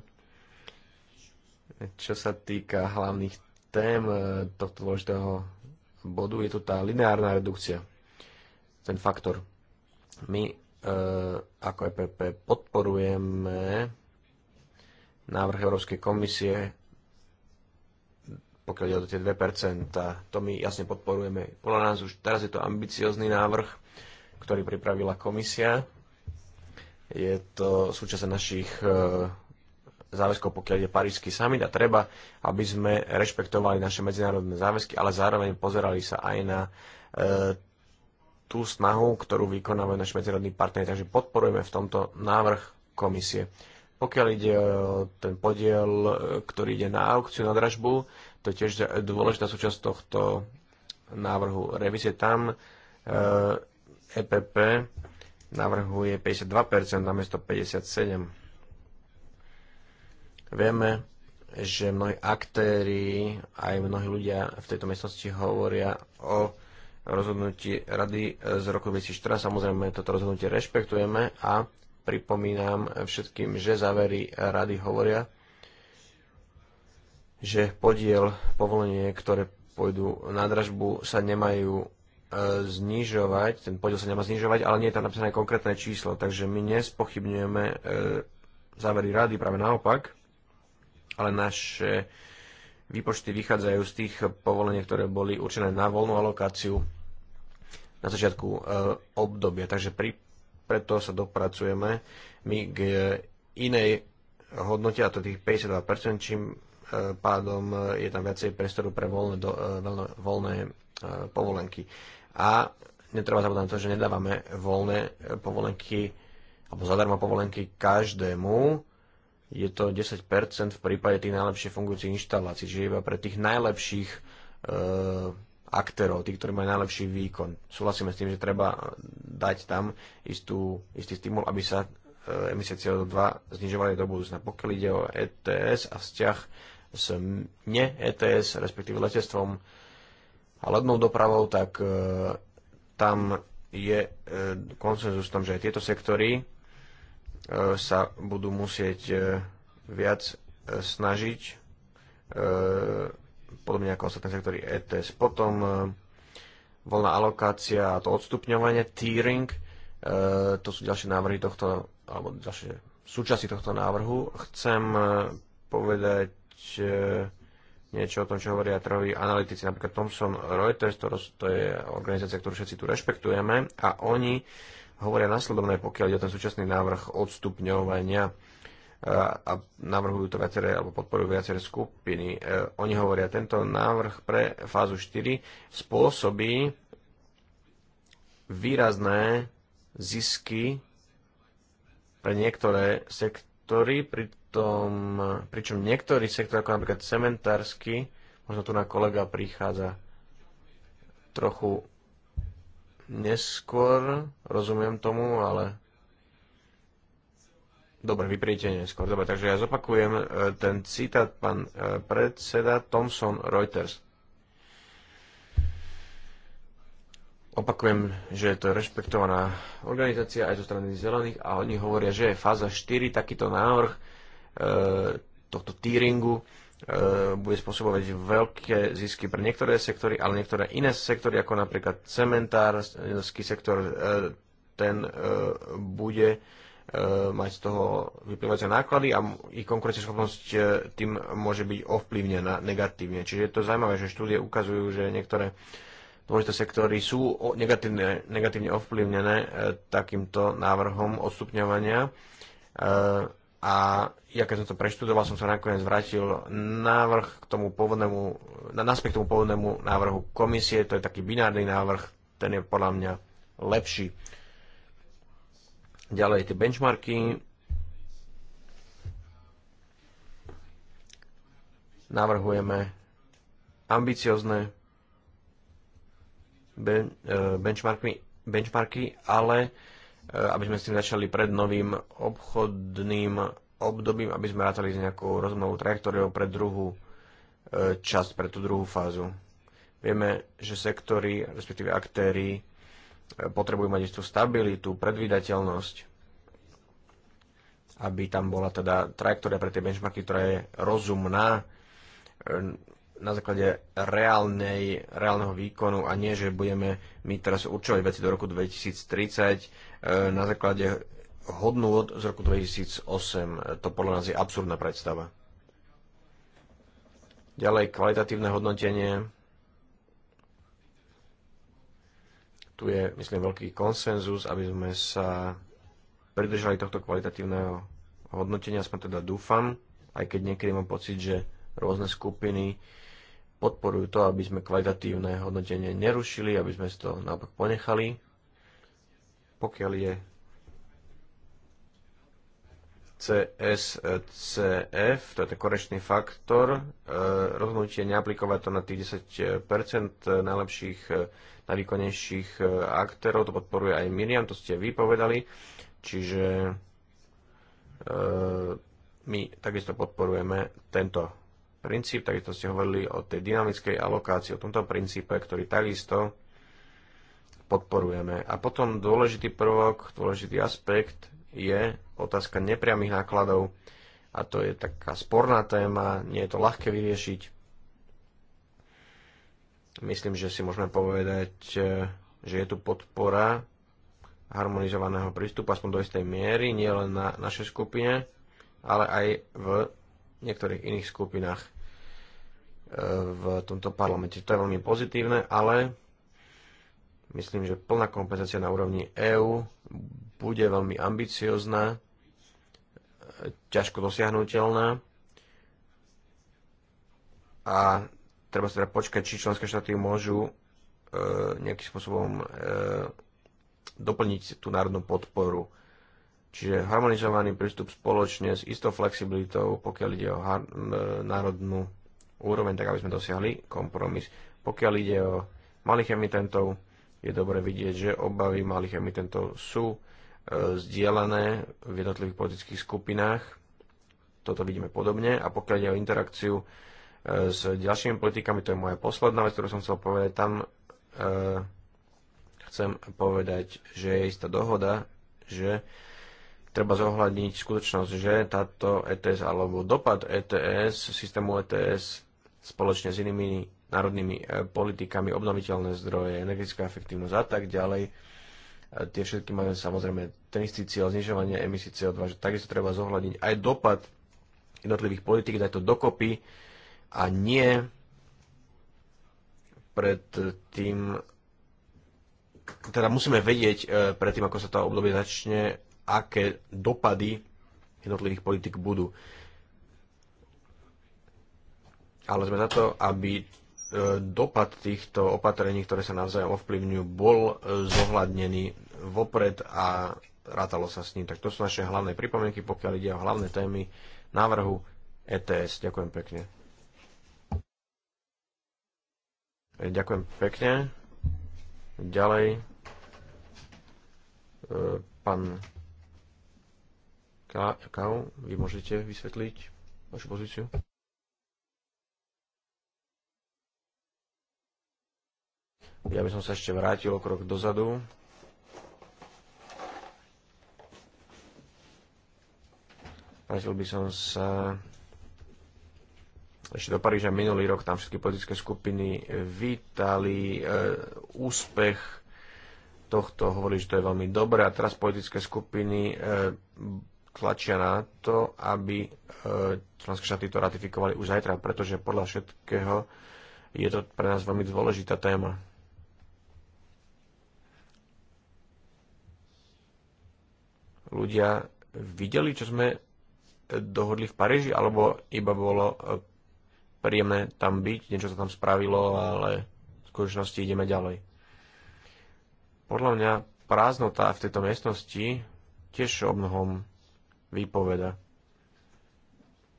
S3: Čo sa týka hlavných tém e, tohto dôležitého bodu, je tu tá lineárna redukcia, ten faktor. My e, ako EPP podporujeme návrh Európskej komisie pokiaľ ide o tie 2%. To my jasne podporujeme. Podľa nás už teraz je to ambiciozný návrh, ktorý pripravila komisia. Je to súčasť našich e, záväzkov, pokiaľ je Parížský summit a treba, aby sme rešpektovali naše medzinárodné záväzky, ale zároveň pozerali sa aj na e, tú snahu, ktorú vykonávajú naši medzinárodní partneri. Takže podporujeme v tomto návrh komisie. Pokiaľ ide o ten podiel, e, ktorý ide na aukciu, na dražbu, to je tiež dôležitá súčasť tohto návrhu revizie. Tam EPP e navrhuje 52% namiesto 57%. Vieme, že mnohí aktéry, aj mnohí ľudia v tejto miestnosti hovoria o rozhodnutí rady z roku 2014. Samozrejme, toto rozhodnutie rešpektujeme a pripomínam všetkým, že závery rady hovoria, že podiel povolenie, ktoré pôjdu na dražbu, sa nemajú e, znižovať, ten podiel sa nemá znižovať, ale nie je tam napísané konkrétne číslo, takže my nespochybňujeme e, závery rady, práve naopak, ale naše výpočty vychádzajú z tých povolení, ktoré boli určené na voľnú alokáciu na začiatku e, obdobia, takže pri, preto sa dopracujeme my k inej hodnote, a to tých 52%, čím E, pádom e, je tam viacej priestoru pre voľné, do, e, voľné, voľné povolenky. A netreba zabudnúť na to, že nedávame voľné povolenky alebo zadarmo povolenky každému. Je to 10% v prípade tých najlepšie fungujúcich inštalácií, čiže iba pre tých najlepších e, aktérov, tých, ktorí majú najlepší výkon. Súhlasíme s tým, že treba dať tam istú, istý stimul, aby sa emisie CO2 znižovali do budúcna. Pokiaľ ide o ETS a vzťah E s ne-ETS, respektíve letectvom a lednou dopravou, tak e, tam je e, konsenzus v tom, že aj tieto sektory sa budú musieť viac snažiť, podobne ako ostatné sektory ETS. Potom voľná alokácia a to odstupňovanie, tiering, to sú ďalšie návrhy tohto, alebo ďalšie súčasti tohto návrhu. Chcem povedať E, niečo o tom, čo hovoria trhoví analytici, napríklad Thomson Reuters, to, to je organizácia, ktorú všetci tu rešpektujeme, a oni hovoria nasledovné, pokiaľ ide o ten súčasný návrh odstupňovania e, a navrhujú to viaceré alebo podporujú viaceré skupiny. E, oni hovoria, tento návrh pre fázu 4 spôsobí výrazné zisky pre niektoré sektory, pri potom, pričom niektorý sektor, ako napríklad cementársky, možno tu na kolega prichádza trochu neskôr, rozumiem tomu, ale Dobre, vy príjete neskôr. Dobre, takže ja zopakujem e, ten citát pán e, predseda Thomson Reuters. Opakujem, že to je rešpektovaná organizácia aj zo strany zelených a oni hovoria, že je fáza 4, takýto návrh E, tohto týringu e, bude spôsobovať veľké zisky pre niektoré sektory, ale niektoré iné sektory, ako napríklad cementársky sektor, e, ten bude mať z toho vyplývajúce náklady a ich konkurencieschopnosť tým môže byť ovplyvnená negatívne. Čiže je to zaujímavé, že štúdie ukazujú, že niektoré dôležité sektory sú negatívne, negatívne ovplyvnené takýmto návrhom odstupňovania a ja keď som to preštudoval, som sa nakoniec vrátil návrh k tomu pôvodnému, naspäť k tomu pôvodnému návrhu komisie, to je taký binárny návrh, ten je podľa mňa lepší. Ďalej tie benchmarky. Navrhujeme ambiciozne ben, e, benchmarky, benchmarky, ale Eh, aby sme s tým začali pred novým obchodným obdobím, aby sme rátali s nejakou rozumnou trajektóriou pre druhú eh, časť, pre tú druhú fázu. Vieme, že sektory, respektíve aktéry, eh, potrebujú mať istú stabilitu, predvydateľnosť, aby tam bola teda trajektória pre tie benchmarky, ktorá je rozumná, na základe reálnej, reálneho výkonu a nie, že budeme my teraz určovať veci do roku 2030 e, na základe hodnôt z roku 2008. To podľa nás je absurdná predstava. Ďalej kvalitatívne hodnotenie. Tu je, myslím, veľký konsenzus, aby sme sa pridržali tohto kvalitatívneho hodnotenia, aspoň teda dúfam, aj keď niekedy mám pocit, že rôzne skupiny podporujú to, aby sme kvalitatívne hodnotenie nerušili, aby sme si to naopak ponechali. Pokiaľ je CSCF, to je ten korečný faktor, e, rozhodnutie neaplikovať to na tých 10% najlepších, e, najvýkonnejších e, aktérov, to podporuje aj Miriam, to ste vypovedali, čiže my takisto podporujeme tento princíp, takisto ste hovorili o tej dynamickej alokácii, o tomto princípe, ktorý takisto podporujeme. A potom dôležitý prvok, dôležitý aspekt je otázka nepriamých nákladov a to je taká sporná téma, nie je to ľahké vyriešiť. Myslím, že si môžeme povedať, že je tu podpora harmonizovaného prístupu, aspoň do istej miery, nielen na našej skupine, ale aj v niektorých iných skupinách v tomto parlamente. To je veľmi pozitívne, ale myslím, že plná kompenzácia na úrovni EÚ bude veľmi ambiciozná, ťažko dosiahnutelná a treba sa teda počkať, či členské štáty môžu e, nejakým spôsobom e, doplniť tú národnú podporu. Čiže harmonizovaný prístup spoločne s istou flexibilitou, pokiaľ ide o e, národnú úroveň, tak aby sme dosiahli kompromis. Pokiaľ ide o malých emitentov, je dobre vidieť, že obavy malých emitentov sú e, zdieľané v jednotlivých politických skupinách. Toto vidíme podobne. A pokiaľ ide o interakciu e, s ďalšími politikami, to je moja posledná vec, ktorú som chcel povedať. Tam e, chcem povedať, že je istá dohoda, že treba zohľadniť skutočnosť, že táto ETS alebo dopad ETS, systému ETS spoločne s inými národnými e, politikami, obnoviteľné zdroje, energetická efektívnosť a tak ďalej. E, tie všetky majú samozrejme ten istý cieľ znižovania emisí CO2, že takisto treba zohľadiť aj dopad jednotlivých politik, dať to dokopy a nie pred tým, teda musíme vedieť e, pred tým, ako sa to obdobie začne, aké dopady jednotlivých politik budú ale sme za to, aby e, dopad týchto opatrení, ktoré sa navzájom ovplyvňujú, bol e, zohľadnený vopred a rátalo sa s ním. Tak to sú naše hlavné pripomienky, pokiaľ ide o hlavné témy návrhu ETS. Ďakujem pekne. E, ďakujem pekne. Ďalej pán Kau, vy môžete vysvetliť vašu pozíciu? Ja by som sa ešte vrátil o krok dozadu. Vrátil by som sa ešte do Paríža minulý rok, tam všetky politické skupiny vítali e, úspech tohto, hovorili, že to je veľmi dobré a teraz politické skupiny e, tlačia na to, aby e, členské štáty to ratifikovali už zajtra, pretože podľa všetkého je to pre nás veľmi dôležitá téma. ľudia videli, čo sme dohodli v Paríži, alebo iba bolo e, príjemné tam byť, niečo sa tam spravilo, ale v skutočnosti ideme ďalej. Podľa mňa prázdnota v tejto miestnosti tiež o mnohom vypoveda.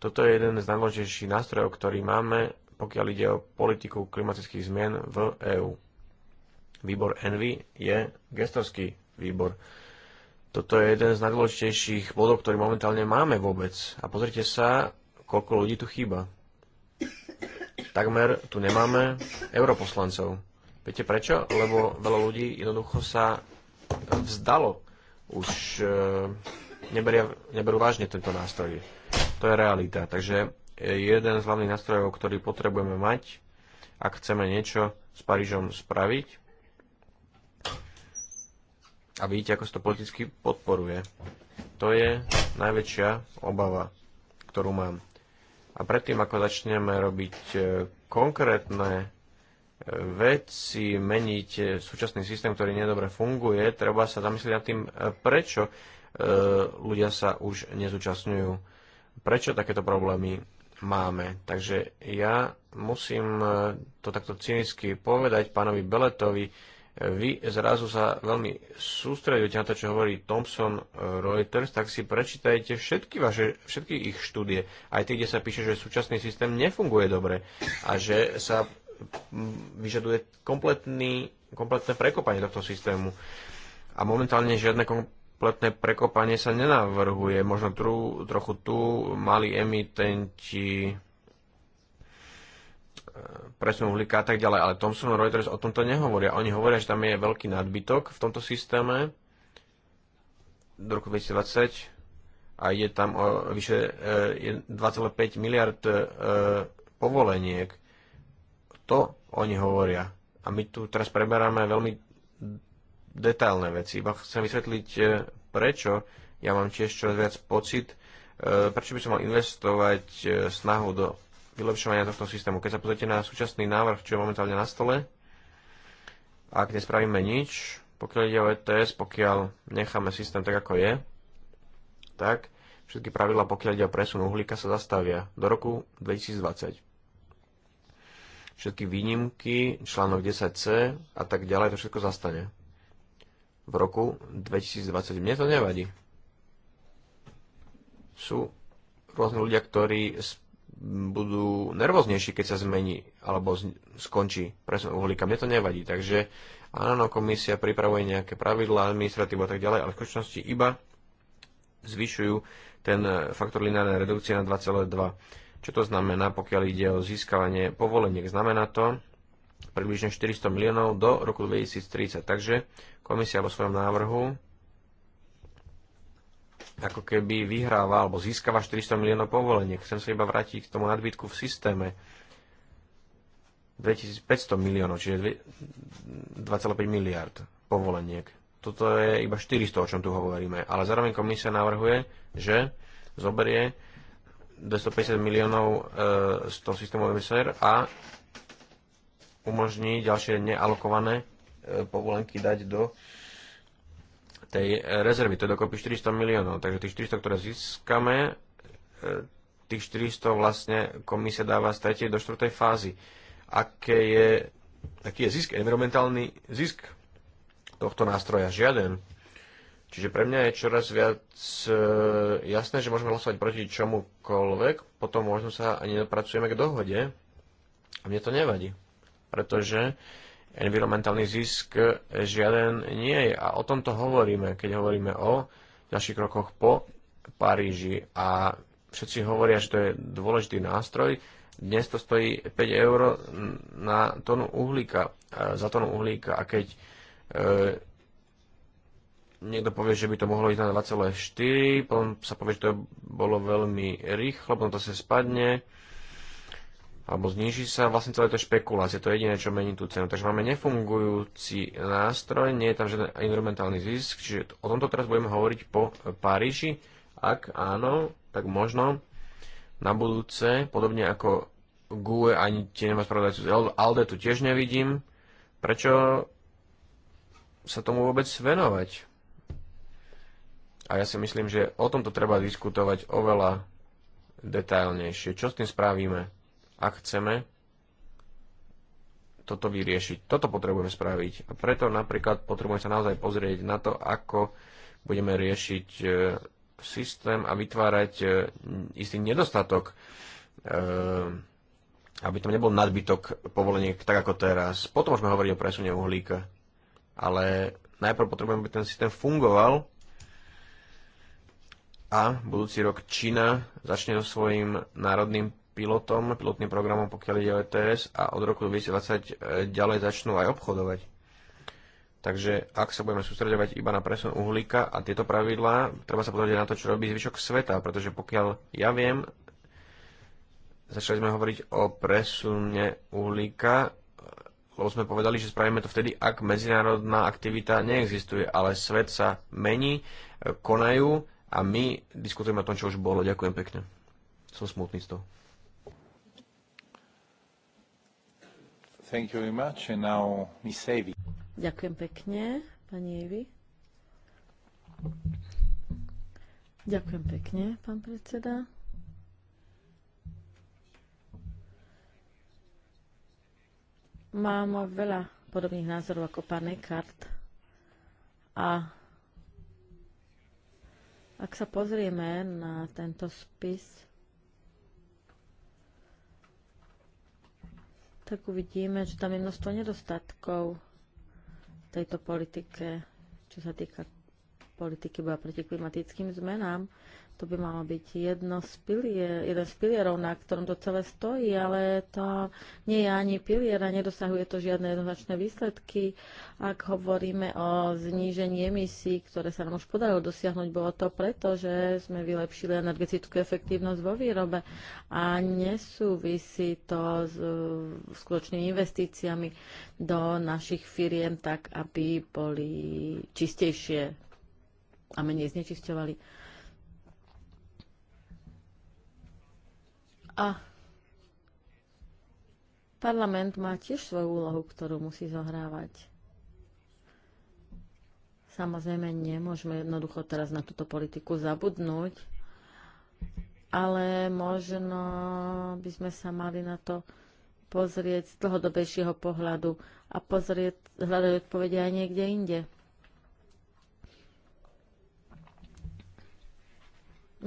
S3: Toto je jeden z najdôležitejších nástrojov, ktorý máme, pokiaľ ide o politiku klimatických zmien v EÚ. Výbor Envy je gestorský výbor. Toto je jeden z najdôležitejších bodov, ktorý momentálne máme vôbec. A pozrite sa, koľko ľudí tu chýba. Takmer tu nemáme europoslancov. Viete prečo? Lebo veľa ľudí jednoducho sa vzdalo. Už e, neberia, neberú vážne tento nástroj. To je realita. Takže jeden z hlavných nástrojov, ktorý potrebujeme mať, ak chceme niečo s Parížom spraviť, a vidíte, ako sa to politicky podporuje. To je najväčšia obava, ktorú mám. A predtým, ako začneme robiť e, konkrétne e, veci, meniť e, súčasný systém, ktorý nedobre funguje, treba sa zamyslieť nad tým, prečo ľudia sa už nezúčastňujú, prečo takéto problémy máme. Takže ja musím to takto cynicky povedať pánovi Beletovi, vy zrazu sa veľmi sústredujete na to, čo hovorí Thomson eh, Reuters, tak si prečítajte všetky, vaše, všetky ich štúdie, aj tie, kde sa píše, že súčasný systém nefunguje dobre a že sa mm, vyžaduje kompletný, kompletné prekopanie tohto systému. A momentálne žiadne kompletné prekopanie sa nenavrhuje. Možno tru, trochu tu mali emitenti presun uhlíka a tak ďalej, ale Thomson Reuters o tomto nehovoria. Oni hovoria, že tam je veľký nadbytok v tomto systéme do roku 2020 a ide tam o vyše 2,5 e, miliard e, povoleniek. To oni hovoria. A my tu teraz preberáme veľmi detailné veci. Iba chcem vysvetliť, e, prečo ja mám tiež čoraz viac pocit, prečo by som mal investovať snahu do vylepšovania tohto systému. Keď sa pozrite na súčasný návrh, čo je momentálne na stole, ak nespravíme nič, pokiaľ ide o ETS, pokiaľ necháme systém tak, ako je, tak všetky pravidla, pokiaľ ide o presun uhlíka, sa zastavia do roku 2020. Všetky výnimky, článok 10c a tak ďalej, to všetko zastane. V roku 2020. Mne to nevadí. Sú rôzne ľudia, ktorí budú nervóznejší, keď sa zmení alebo skončí presun uhlíka. Mne to nevadí, takže áno, komisia pripravuje nejaké pravidlá, administratívu a tak ďalej, ale v skutočnosti iba zvyšujú ten e, faktor lineárnej redukcie na 2,2. Čo to znamená, pokiaľ ide o získavanie povoleniek? Znamená to približne 400 miliónov do roku 2030. Takže komisia vo svojom návrhu ako keby vyhráva alebo získava 400 miliónov povoleniek. Chcem sa iba vrátiť k tomu nadbytku v systéme. 2500 miliónov, čiže 2,5 miliard povoleniek. Toto je iba 400, o čom tu hovoríme. Ale zároveň komisia navrhuje, že zoberie 250 miliónov e, z toho systému MSR a umožní ďalšie nealokované e, povolenky dať do tej rezervy. To je dokopy 400 miliónov. Takže tých 400, ktoré získame, e, tých 400 vlastne komisia dáva z 3. do 4. fázy. Aké je, aký je zisk, environmentálny zisk tohto nástroja? Žiaden. Čiže pre mňa je čoraz viac e, jasné, že môžeme hlasovať proti čomukoľvek, potom možno sa ani nepracujeme k dohode a mne to nevadí, pretože uh, environmentálny zisk e, žiaden nie je. A o tomto hovoríme, keď hovoríme o ďalších krokoch po Paríži. A všetci hovoria, že to je dôležitý nástroj. Dnes to stojí 5 eur na tonu uhlíka, e, za tonu uhlíka. A keď e, niekto povie, že by to mohlo ísť na 2,4, potom sa povie, že to bolo veľmi rýchlo, potom to sa spadne alebo zniží sa vlastne celé to špekulácie. To je jediné, čo mení tú cenu. Takže máme nefungujúci nástroj, nie je tam žiadny environmentálny zisk, čiže o tomto teraz budeme hovoriť po Paríži. Ak áno, tak možno na budúce, podobne ako GUE, ani tie nemá spravodajcu z ALDE, tu tiež nevidím. Prečo sa tomu vôbec venovať? A ja si myslím, že o tomto treba diskutovať oveľa detailnejšie. Čo s tým spravíme? ak chceme toto vyriešiť. Toto potrebujeme spraviť. A preto napríklad potrebujeme sa naozaj pozrieť na to, ako budeme riešiť e, systém a vytvárať e, istý nedostatok, e, aby tam nebol nadbytok povoleniek tak ako teraz. Potom môžeme hovoriť o presune uhlíka. Ale najprv potrebujeme, aby ten systém fungoval a budúci rok Čína začne so svojím národným pilotom, pilotným programom, pokiaľ ide o ETS a od roku 2020 e, ďalej začnú aj obchodovať. Takže ak sa budeme sústredovať iba na presun uhlíka a tieto pravidlá, treba sa pozrieť na to, čo robí zvyšok sveta, pretože pokiaľ ja viem, začali sme hovoriť o presune uhlíka, lebo sme povedali, že spravíme to vtedy, ak medzinárodná aktivita neexistuje, ale svet sa mení, e, konajú a my diskutujeme o tom, čo už bolo. Ďakujem pekne. Som smutný z toho.
S1: Thank you very much. And now Miss Evi.
S2: Ďakujem pekne, pani Evi. Ďakujem pekne, pán predseda. Mám veľa podobných názorov ako pán Eckhart. A ak sa pozrieme na tento spis, tak uvidíme, že tam je množstvo nedostatkov v tejto politike, čo sa týka politiky boja proti klimatickým zmenám to by malo byť jedno z pilier, jeden z pilierov, na ktorom to celé stojí, ale to nie je ani pilier a nedosahuje to žiadne jednoznačné výsledky. Ak hovoríme o znížení emisí, ktoré sa nám už podarilo dosiahnuť, bolo to preto, že sme vylepšili energetickú efektívnosť vo výrobe a nesúvisí to s e, skutočnými investíciami do našich firiem tak, aby boli čistejšie a menej znečisťovali. A parlament má tiež svoju úlohu, ktorú musí zohrávať. Samozrejme, nemôžeme jednoducho teraz na túto politiku zabudnúť, ale možno by sme sa mali na to pozrieť z dlhodobejšieho pohľadu a pozrieť, hľadať odpovede aj niekde inde.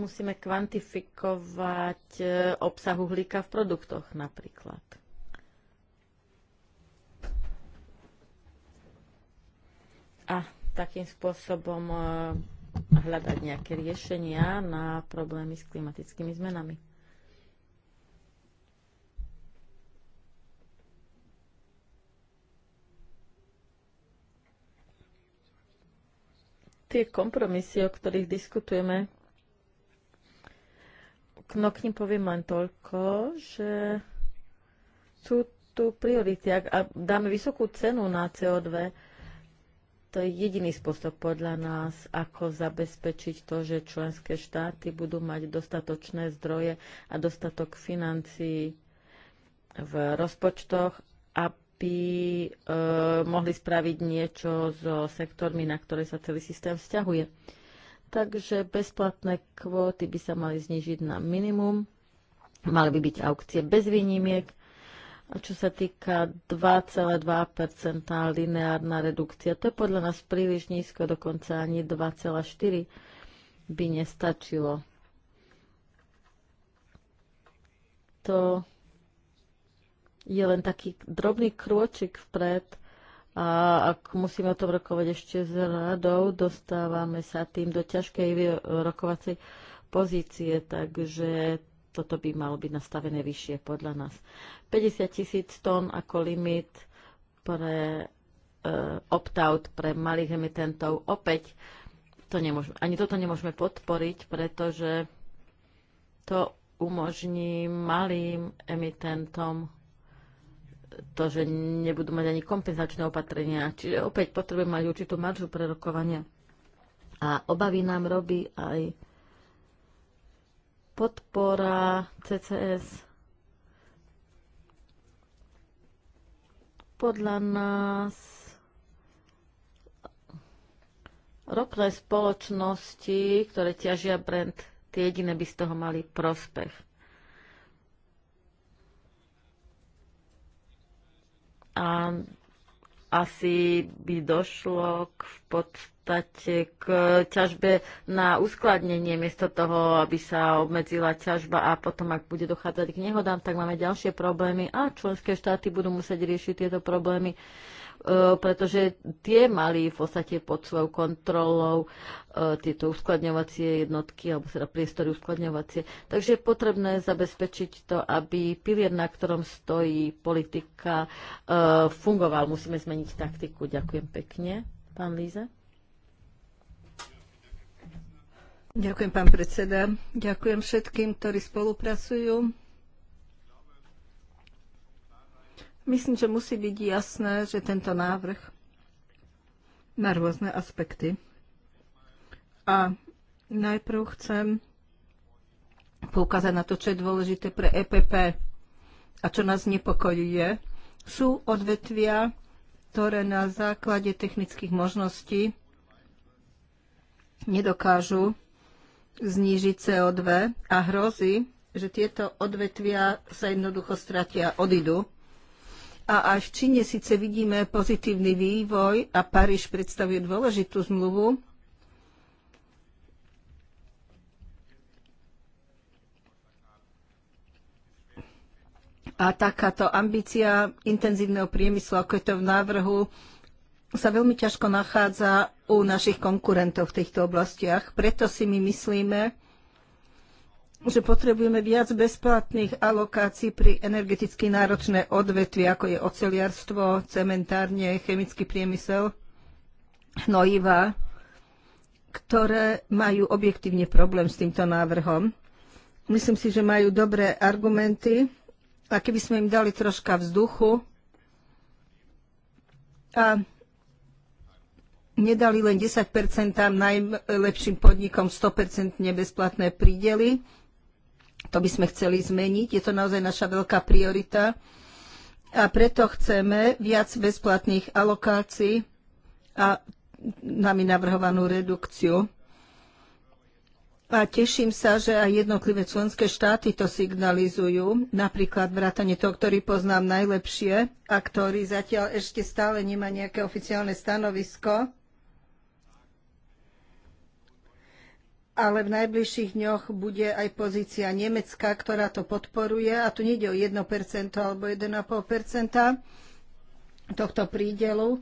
S2: musíme kvantifikovať e, obsah uhlíka v produktoch napríklad. A takým spôsobom e, hľadať nejaké riešenia na problémy s klimatickými zmenami. Tie kompromisy, o ktorých diskutujeme, no k ním poviem len toľko, že sú tu priority. Ak dáme vysokú cenu na CO2, to je jediný spôsob podľa nás, ako zabezpečiť to, že členské štáty budú mať dostatočné zdroje a dostatok financií v rozpočtoch, aby e, mohli spraviť niečo so sektormi, na ktoré sa celý systém vzťahuje. Takže bezplatné kvóty by sa mali znižiť na minimum. Mali by byť aukcie bez výnimiek. A čo sa týka 2,2% lineárna redukcia, to je podľa nás príliš nízko, dokonca ani 2,4 by nestačilo. To je len taký drobný krôčik vpred a ak musíme o tom rokovať ešte s radou, dostávame sa tým do ťažkej rokovacej pozície, takže toto by malo byť nastavené vyššie podľa nás. 50 tisíc tón ako limit pre e, opt-out pre malých emitentov. Opäť to nemôžeme, ani toto nemôžeme podporiť, pretože to umožní malým emitentom to, že nebudú mať ani kompenzačné opatrenia. Čiže opäť potrebujeme mať určitú maržu pre rokovania. A obavy nám robí aj podpora CCS. Podľa nás ropné spoločnosti, ktoré ťažia brand, tie jediné by z toho mali prospech A asi by došlo k, v podstate k ťažbe na uskladnenie, miesto toho, aby sa obmedzila ťažba a potom, ak bude dochádzať k nehodám, tak máme ďalšie problémy a členské štáty budú musieť riešiť tieto problémy E, pretože tie mali v podstate pod svojou kontrolou e, tieto uskladňovacie jednotky alebo teda priestory uskladňovacie. Takže je potrebné zabezpečiť to, aby pilier, na ktorom stojí politika, e, fungoval. Musíme zmeniť taktiku. Ďakujem pekne. Pán
S1: Líze. Ďakujem, pán predseda. Ďakujem všetkým, ktorí spolupracujú Myslím, že musí byť jasné, že tento návrh má rôzne aspekty. A najprv chcem poukázať na to, čo je dôležité pre EPP a čo nás nepokojuje. Sú odvetvia, ktoré na základe technických možností nedokážu znížiť CO2 a hrozí, že tieto odvetvia sa jednoducho stratia, odídu. A aj v Číne síce vidíme pozitívny vývoj a Paríž predstavuje dôležitú zmluvu, A takáto ambícia intenzívneho priemyslu, ako je to v návrhu, sa veľmi ťažko nachádza u našich konkurentov v týchto oblastiach. Preto si my myslíme, že potrebujeme viac bezplatných alokácií pri energeticky náročné odvetvy, ako je oceliarstvo, cementárne, chemický priemysel, hnojiva, ktoré majú objektívne problém s týmto návrhom. Myslím si, že majú dobré argumenty a keby sme im dali troška vzduchu a nedali len 10% najlepším podnikom 100% bezplatné prídely, to by sme chceli zmeniť. Je to naozaj naša veľká priorita. A preto chceme viac bezplatných alokácií a nami navrhovanú redukciu. A teším sa, že aj jednotlivé členské štáty to signalizujú, napríklad vrátane toho, ktorý poznám najlepšie a ktorý zatiaľ ešte stále nemá nejaké oficiálne stanovisko ale v najbližších dňoch bude aj pozícia Nemecka, ktorá to podporuje a tu nejde o 1% alebo 1,5% tohto prídelu.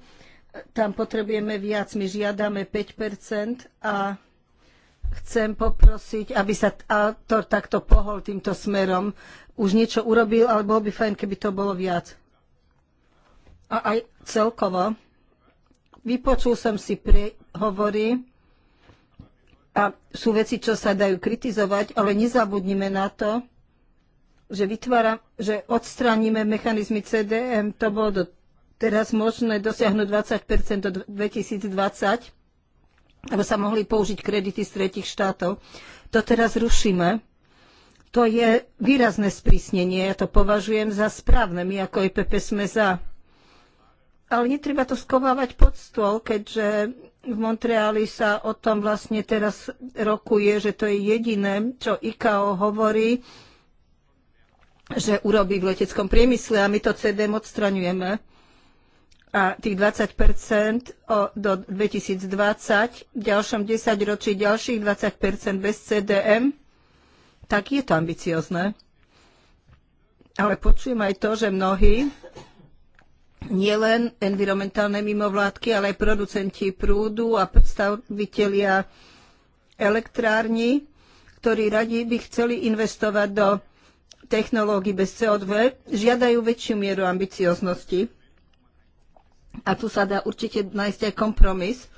S1: Tam potrebujeme viac, my žiadame 5% a chcem poprosiť, aby sa autor takto pohol týmto smerom. Už niečo urobil, ale bolo by fajn, keby to bolo viac. A aj celkovo. Vypočul som si prehovory. A sú veci, čo sa dajú kritizovať, ale nezabudnime na to, že, vytvára, že odstraníme mechanizmy CDM. To bolo do, teraz možné dosiahnuť 20 do 2020, aby sa mohli použiť kredity z tretich štátov. To teraz rušíme. To je výrazné sprísnenie. Ja to považujem za správne. My ako IPP sme za. Ale netreba to skovávať pod stôl, keďže v Montreali sa o tom vlastne teraz rokuje, že to je jediné, čo ICAO hovorí, že urobí v leteckom priemysle a my to CDM odstraňujeme. A tých 20 o, do 2020, v ďalšom 10 ročí ďalších 20 bez CDM, tak je to ambiciozne. Ale počujem aj to, že mnohí nielen environmentálne mimovládky, ale aj producenti prúdu a predstavitelia elektrárni, ktorí radi by chceli investovať do technológií bez CO2, žiadajú väčšiu mieru ambicioznosti. A tu sa dá určite nájsť aj kompromis.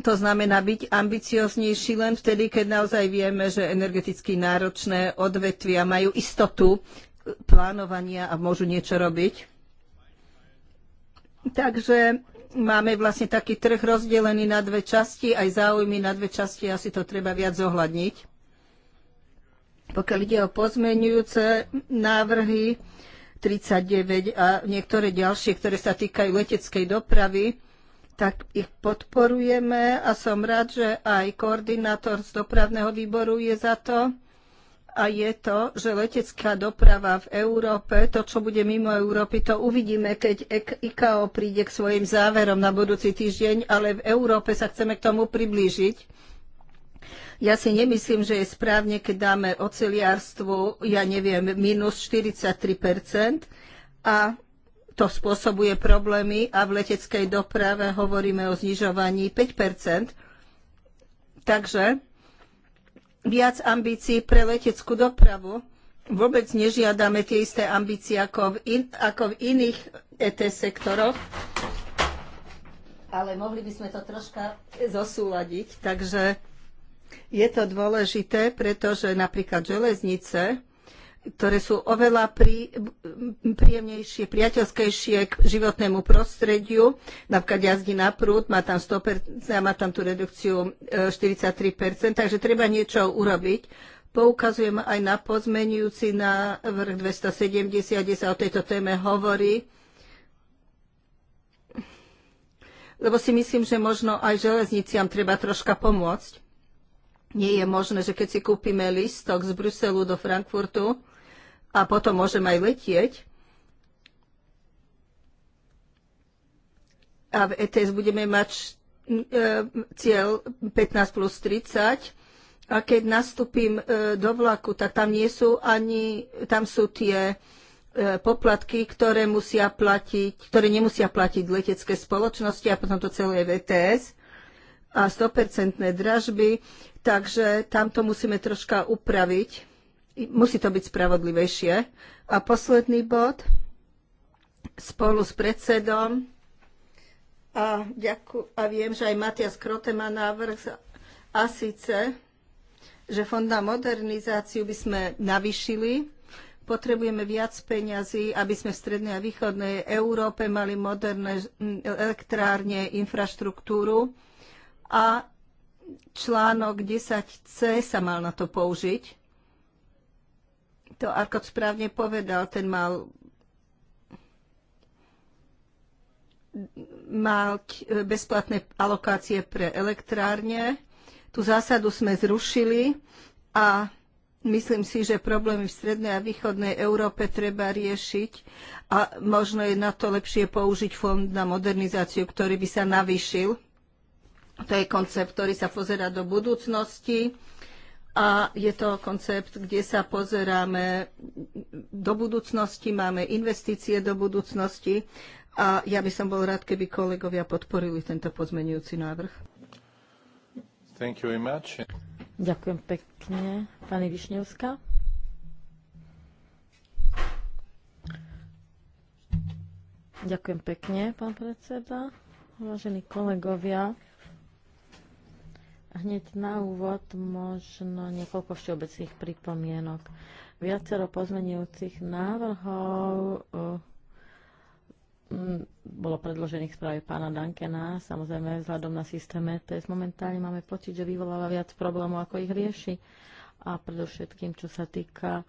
S1: To znamená byť ambicioznejší len vtedy, keď naozaj vieme, že energeticky náročné odvetvia majú istotu plánovania a môžu niečo robiť. Takže máme vlastne taký trh rozdelený na dve časti, aj záujmy na dve časti, asi to treba viac zohľadniť. Pokiaľ ide o pozmenujúce návrhy 39 a niektoré ďalšie, ktoré sa týkajú leteckej dopravy, tak ich podporujeme a som rád, že aj koordinátor z dopravného výboru je za to a je to, že letecká doprava v Európe, to, čo bude mimo Európy, to uvidíme, keď e ICAO príde k svojim záverom na budúci týždeň, ale v Európe sa chceme k tomu priblížiť. Ja si nemyslím, že je správne, keď dáme oceliarstvu, ja neviem, minus 43 a to spôsobuje problémy a v leteckej doprave hovoríme o znižovaní 5 Takže viac ambícií pre leteckú dopravu. Vôbec nežiadame tie isté ambície ako v, in, ako v iných ET sektoroch, ale mohli by sme to troška zosúladiť. Takže je to dôležité, pretože napríklad železnice ktoré sú oveľa prí, príjemnejšie, priateľskejšie k životnému prostrediu. Napríklad jazdí na prúd, má tam, 100%, má tam tú redukciu 43%, e, takže treba niečo urobiť. Poukazujem aj na pozmenujúci na vrch 270, kde sa o tejto téme hovorí. Lebo si myslím, že možno aj železniciam treba troška pomôcť. Nie je možné, že keď si kúpime listok z Bruselu do Frankfurtu, a potom môžem aj letieť. A v ETS budeme mať e, cieľ 15 plus 30 a keď nastúpim e, do vlaku, tak tam nie sú ani, tam sú tie e, poplatky, ktoré musia platiť, ktoré nemusia platiť letecké spoločnosti a potom to celé je v ETS a 100% dražby, takže tam to musíme troška upraviť Musí to byť spravodlivejšie. A posledný bod spolu s predsedom a, ďaku, a viem, že aj Matias Krote má návrh a síce, že fond na modernizáciu by sme navyšili. Potrebujeme viac peňazí, aby sme v strednej a východnej Európe mali moderné elektrárne, infraštruktúru a článok 10c sa mal na to použiť to ako správne povedal, ten mal mal bezplatné alokácie pre elektrárne. Tú zásadu sme zrušili a myslím si, že problémy v strednej a východnej Európe treba riešiť a možno je na to lepšie použiť fond na modernizáciu, ktorý by sa navýšil. To je koncept, ktorý sa pozera do budúcnosti a je to koncept, kde sa pozeráme do budúcnosti, máme investície do budúcnosti a ja by som bol rád, keby kolegovia podporili tento pozmenujúci návrh. Thank you very much. Ďakujem pekne. Pani
S2: Višňovská. Ďakujem pekne, pán predseda. Vážení kolegovia, Hneď na úvod možno niekoľko všeobecných pripomienok. Viacero pozmenujúcich návrhov bolo predložených správe pána Dankena. Samozrejme, vzhľadom na systém ETS momentálne máme pocit, že vyvoláva viac problémov, ako ich rieši. A predovšetkým, čo sa týka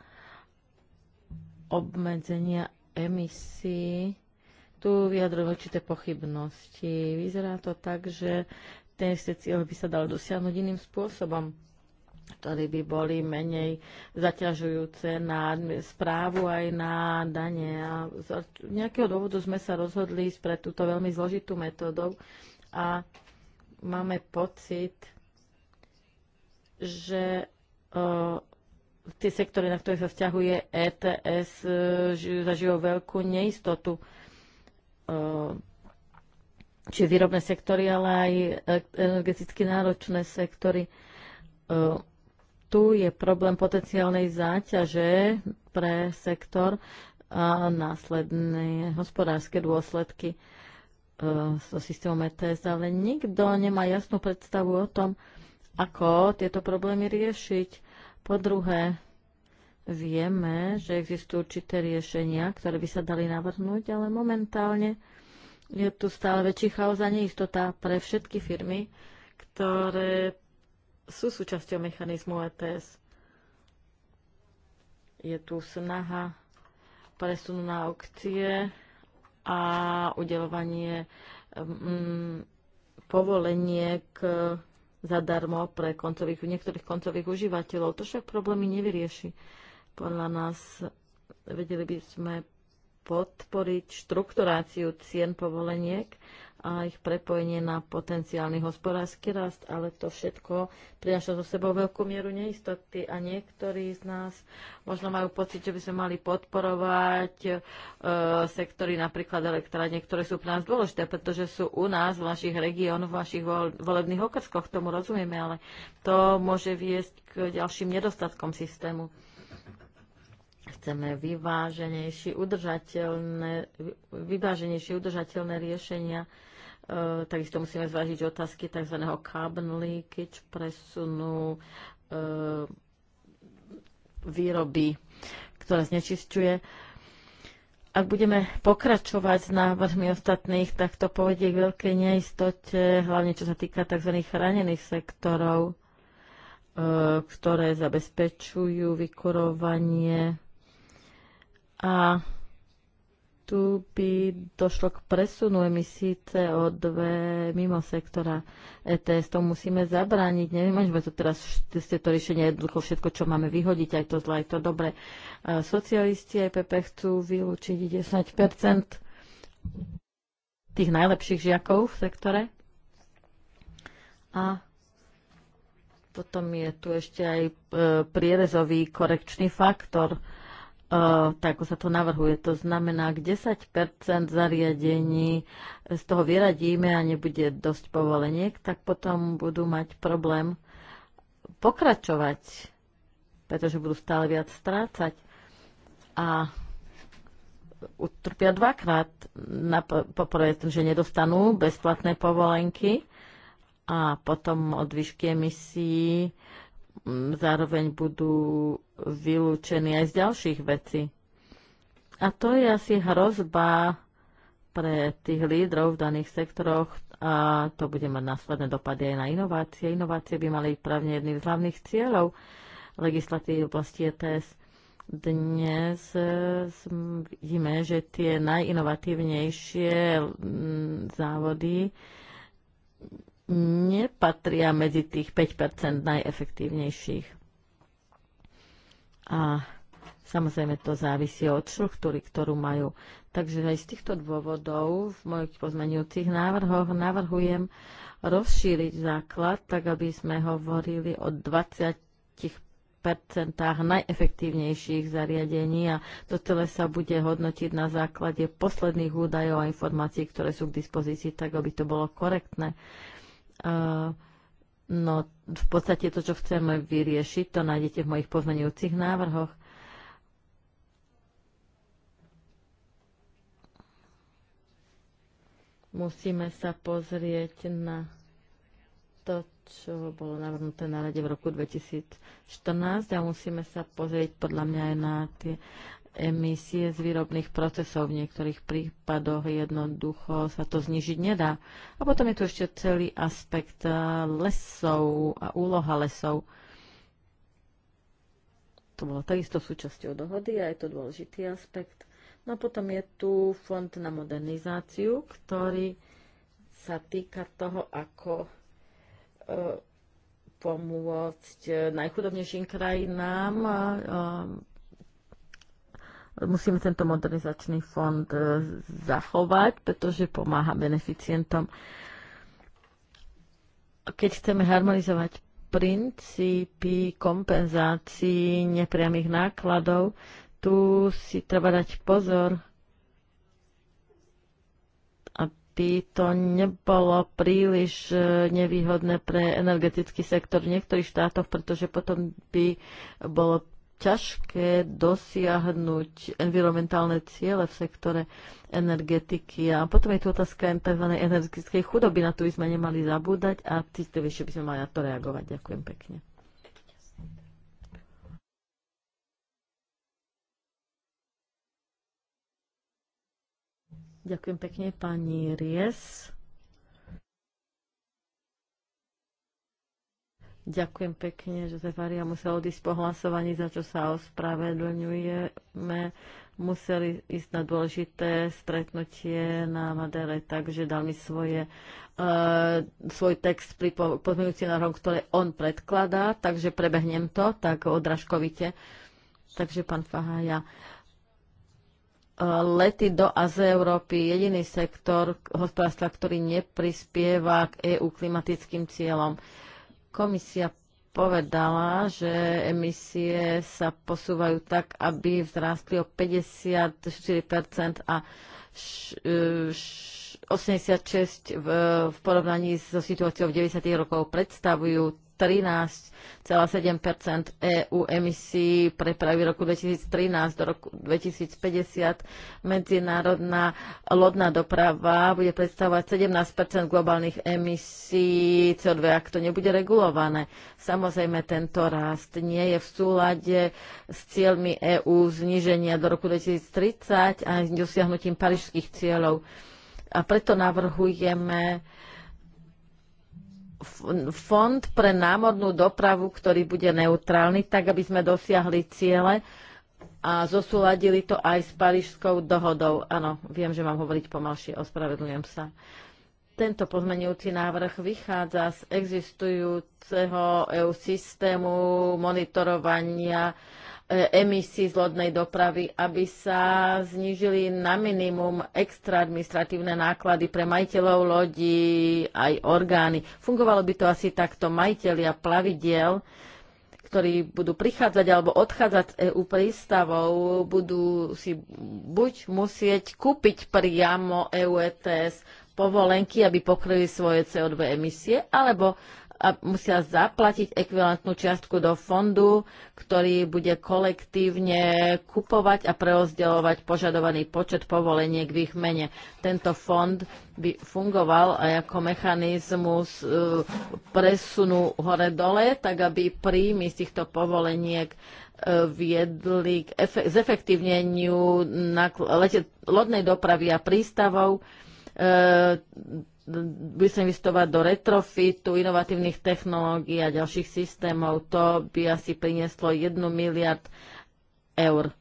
S2: obmedzenia emisí, tu vyjadrujú určité pochybnosti. Vyzerá to tak, že ten istý cieľ by sa dal dosiahnuť iným spôsobom ktoré by boli menej zaťažujúce na správu aj na dane. A z nejakého dôvodu sme sa rozhodli pre túto veľmi zložitú metódu a máme pocit, že tie sektory, na ktoré sa vzťahuje ETS, e, zažijú veľkú neistotu či výrobné sektory, ale aj energeticky náročné sektory. E, tu je problém potenciálnej záťaže pre sektor a následné hospodárske dôsledky e, so systémom ETS, ale nikto nemá jasnú predstavu o tom, ako tieto problémy riešiť. Po druhé, vieme, že existujú určité riešenia, ktoré by sa dali navrhnúť, ale momentálne je tu stále väčší chaos a neistota pre všetky firmy, ktoré sú súčasťou mechanizmu ETS. Je tu snaha presunú na aukcie a udelovanie mm, povolenie k zadarmo pre koncových, niektorých koncových užívateľov. To však problémy nevyrieši. Podľa nás vedeli by sme podporiť štrukturáciu cien povoleniek a ich prepojenie na potenciálny hospodársky rast, ale to všetko prináša so sebou veľkú mieru neistoty a niektorí z nás možno majú pocit, že by sme mali podporovať e, sektory napríklad elektrárne, ktoré sú pre nás dôležité, pretože sú u nás, v našich regiónoch, v našich volebných okrskoch, tomu rozumieme, ale to môže viesť k ďalším nedostatkom systému chceme vyváženejšie, udržateľné, vyváženejšie, udržateľné riešenia. E, takisto musíme zvážiť otázky tzv. carbon leakage, presunu e, výroby, ktorá znečisťuje. Ak budeme pokračovať s návrhmi ostatných, tak to povedie k veľkej neistote, hlavne čo sa týka tzv. chránených sektorov, e, ktoré zabezpečujú vykurovanie a tu by došlo k presunu emisí CO2 mimo sektora ETS. To musíme zabrániť. Nemôžeme to teraz, ste to riešenie jednoducho všetko, čo máme vyhodiť, aj to zle, aj to dobre. Socialisti aj e PP chcú vylúčiť 10 tých najlepších žiakov v sektore. A potom je tu ešte aj e, prierezový korekčný faktor E, tak ako sa to navrhuje. To znamená, k 10 zariadení z toho vyradíme a nebude dosť povoleniek, tak potom budú mať problém pokračovať, pretože budú stále viac strácať a utrpia dvakrát. Poprvé, že nedostanú bezplatné povolenky a potom od výšky emisí zároveň budú vylúčení aj z ďalších vecí. A to je asi hrozba pre tých lídrov v daných sektoroch a to bude mať následné dopady aj na inovácie. Inovácie by mali právne jedným z hlavných cieľov legislatívy v oblasti ETS. Dnes e, vidíme, že tie najinovatívnejšie závody nepatria medzi tých 5 najefektívnejších. A samozrejme to závisí od štruktúry, ktorú majú. Takže aj z týchto dôvodov v mojich pozmenujúcich návrhoch navrhujem rozšíriť základ, tak aby sme hovorili o 20 najefektívnejších zariadení a to celé sa bude hodnotiť na základe posledných údajov a informácií, ktoré sú k dispozícii, tak aby to bolo korektné. No, v podstate to, čo chceme vyriešiť, to nájdete v mojich pozmenujúcich návrhoch. Musíme sa pozrieť na to, čo bolo navrhnuté na rade v roku 2014 a musíme sa pozrieť podľa mňa aj na tie emisie z výrobných procesov. V niektorých prípadoch jednoducho sa to znižiť nedá. A potom je tu ešte celý aspekt eh, lesov a úloha lesov. To bolo takisto súčasťou dohody a je to dôležitý aspekt. No a potom je tu fond na modernizáciu, ktorý sa týka toho, ako eh, pomôcť najchudobnejším krajinám. Eh, musíme tento modernizačný fond e, zachovať, pretože pomáha beneficientom. Keď chceme harmonizovať princípy kompenzácií nepriamých nákladov, tu si treba dať pozor, aby to nebolo príliš e, nevýhodné pre energetický sektor v niektorých štátoch, pretože potom by bolo ťažké dosiahnuť environmentálne ciele v sektore energetiky. A potom je tu otázka tzv. energetickej chudoby, na to by sme nemali zabúdať a vyššie by sme mali na to reagovať. Ďakujem pekne. Ďakujem pekne, pani Ries. Ďakujem pekne, že Zefaria musel odísť po hlasovaní, za čo sa ospravedlňujeme. Museli ísť na dôležité stretnutie na Madere, takže dal mi svoje, uh, svoj text pri pozmeňujúci návrhom, ktoré on predkladá, takže prebehnem to tak odražkovite. Takže pán Fahaja, eh, lety do a z Európy jediný sektor hospodárstva, ktorý neprispieva k EU klimatickým cieľom. Uh, Komisia povedala, že emisie sa posúvajú tak, aby vzrástli o 54% a 86 e, v, v porovnaní so situáciou v 90. rokov predstavujú 13,7 EU emisí prepravy roku 2013 do roku 2050. Medzinárodná lodná doprava bude predstavovať 17 globálnych emisí CO2, ak to nebude regulované. Samozrejme, tento rast nie je v súlade s cieľmi EÚ zníženia do roku 2030 a dosiahnutím parížských cieľov. A preto navrhujeme uh, fond pre námornú dopravu, ktorý bude neutrálny, tak aby sme dosiahli ciele a zosúladili to aj s Parížskou dohodou. Áno, viem, že mám hovoriť pomalšie, ospravedlňujem sa. Tento pozmenujúci návrh vychádza z existujúceho EU systému monitorovania E, emisí z lodnej dopravy, aby sa znížili na minimum extra administratívne náklady pre majiteľov lodí aj orgány. Fungovalo by to asi takto majiteľia plavidiel, ktorí budú prichádzať alebo odchádzať z EU prístavov, budú si buď musieť kúpiť priamo EU ETS povolenky, aby pokryli svoje CO2 emisie, alebo a musia zaplatiť ekvivalentnú čiastku do fondu, ktorý bude kolektívne kupovať a preozdeľovať požadovaný počet povoleniek v ich mene. Tento fond by fungoval aj ako mechanizmus e, presunu hore-dole, tak aby príjmy z týchto povoleniek e, viedli k zefektívneniu lodnej dopravy a prístavov Eh, bude sa investovať do retrofitu, inovatívnych technológií a ďalších systémov. To by asi prinieslo 1 miliard eur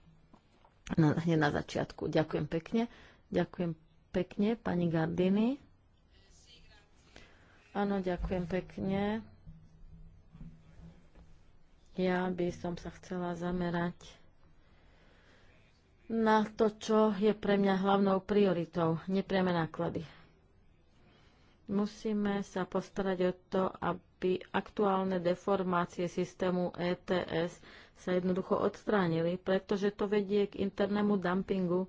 S2: na, hneď na začiatku. Ďakujem pekne. Ďakujem pekne, pani Gardini. Áno, ďakujem pekne. Ja by som sa chcela zamerať na to, čo je pre mňa hlavnou prioritou, nepriame náklady. Musíme sa postarať o to, aby aktuálne deformácie systému ETS sa jednoducho odstránili, pretože to vedie k internému dumpingu,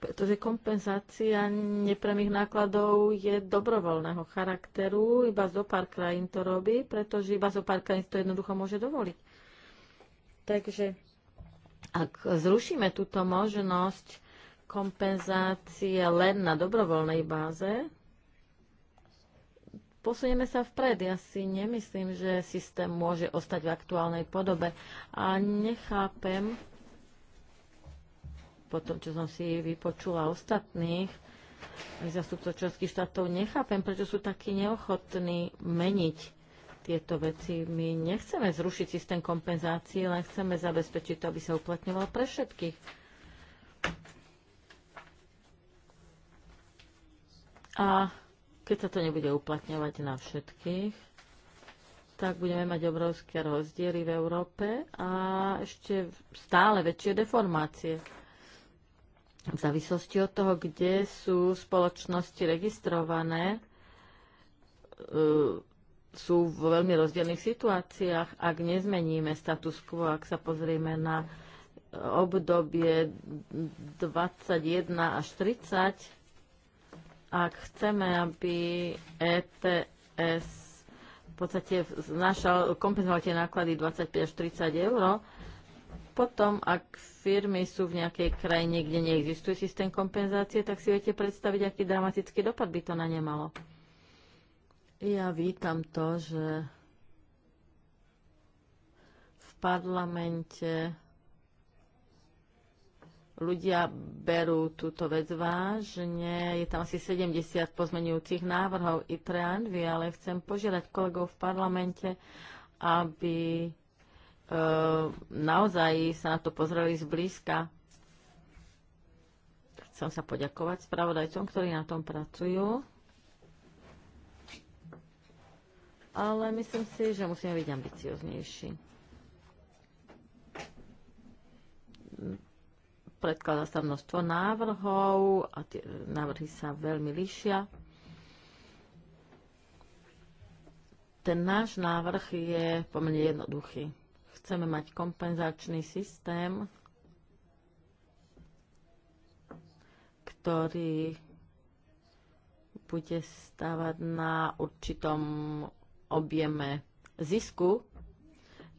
S2: pretože kompenzácia nepremých nákladov je dobrovoľného charakteru, iba zo pár krajín to robí, pretože iba zo pár krajín to jednoducho môže dovoliť. Takže ak zrušíme túto možnosť kompenzácie len na dobrovoľnej báze, posunieme sa vpred. Ja si nemyslím, že systém môže ostať v aktuálnej podobe a nechápem, po tom, čo som si vypočula ostatných, aj zastupcov členských štátov, nechápem, prečo sú takí neochotní meniť tieto veci. My nechceme zrušiť systém kompenzácií, len chceme zabezpečiť to, aby sa uplatňoval pre všetkých. A keď sa to nebude uplatňovať na všetkých, tak budeme mať obrovské rozdiely v Európe a ešte stále väčšie deformácie. V závislosti od toho, kde sú spoločnosti registrované, sú v veľmi rozdielnych situáciách, ak nezmeníme status quo, ak sa pozrieme na obdobie 21 až 30, ak chceme, aby ETS v podstate znašal, kompenzoval tie náklady 25 až 30 eur, potom, ak firmy sú v nejakej krajine, kde neexistuje systém kompenzácie, tak si viete predstaviť, aký dramatický dopad by to na ne malo. Ja vítam to, že v parlamente ľudia berú túto vec vážne. Je tam asi 70 pozmenujúcich návrhov i pre Anvy, ale chcem požiadať kolegov v parlamente, aby e, naozaj sa na to pozreli zblízka. Chcem sa poďakovať spravodajcom, ktorí na tom pracujú. ale myslím si, že musíme byť ambicioznejší. Predkladá sa množstvo návrhov a tie návrhy sa veľmi líšia. Ten náš návrh je pomerne jednoduchý. Chceme mať kompenzačný systém, ktorý bude stávať na určitom objeme zisku.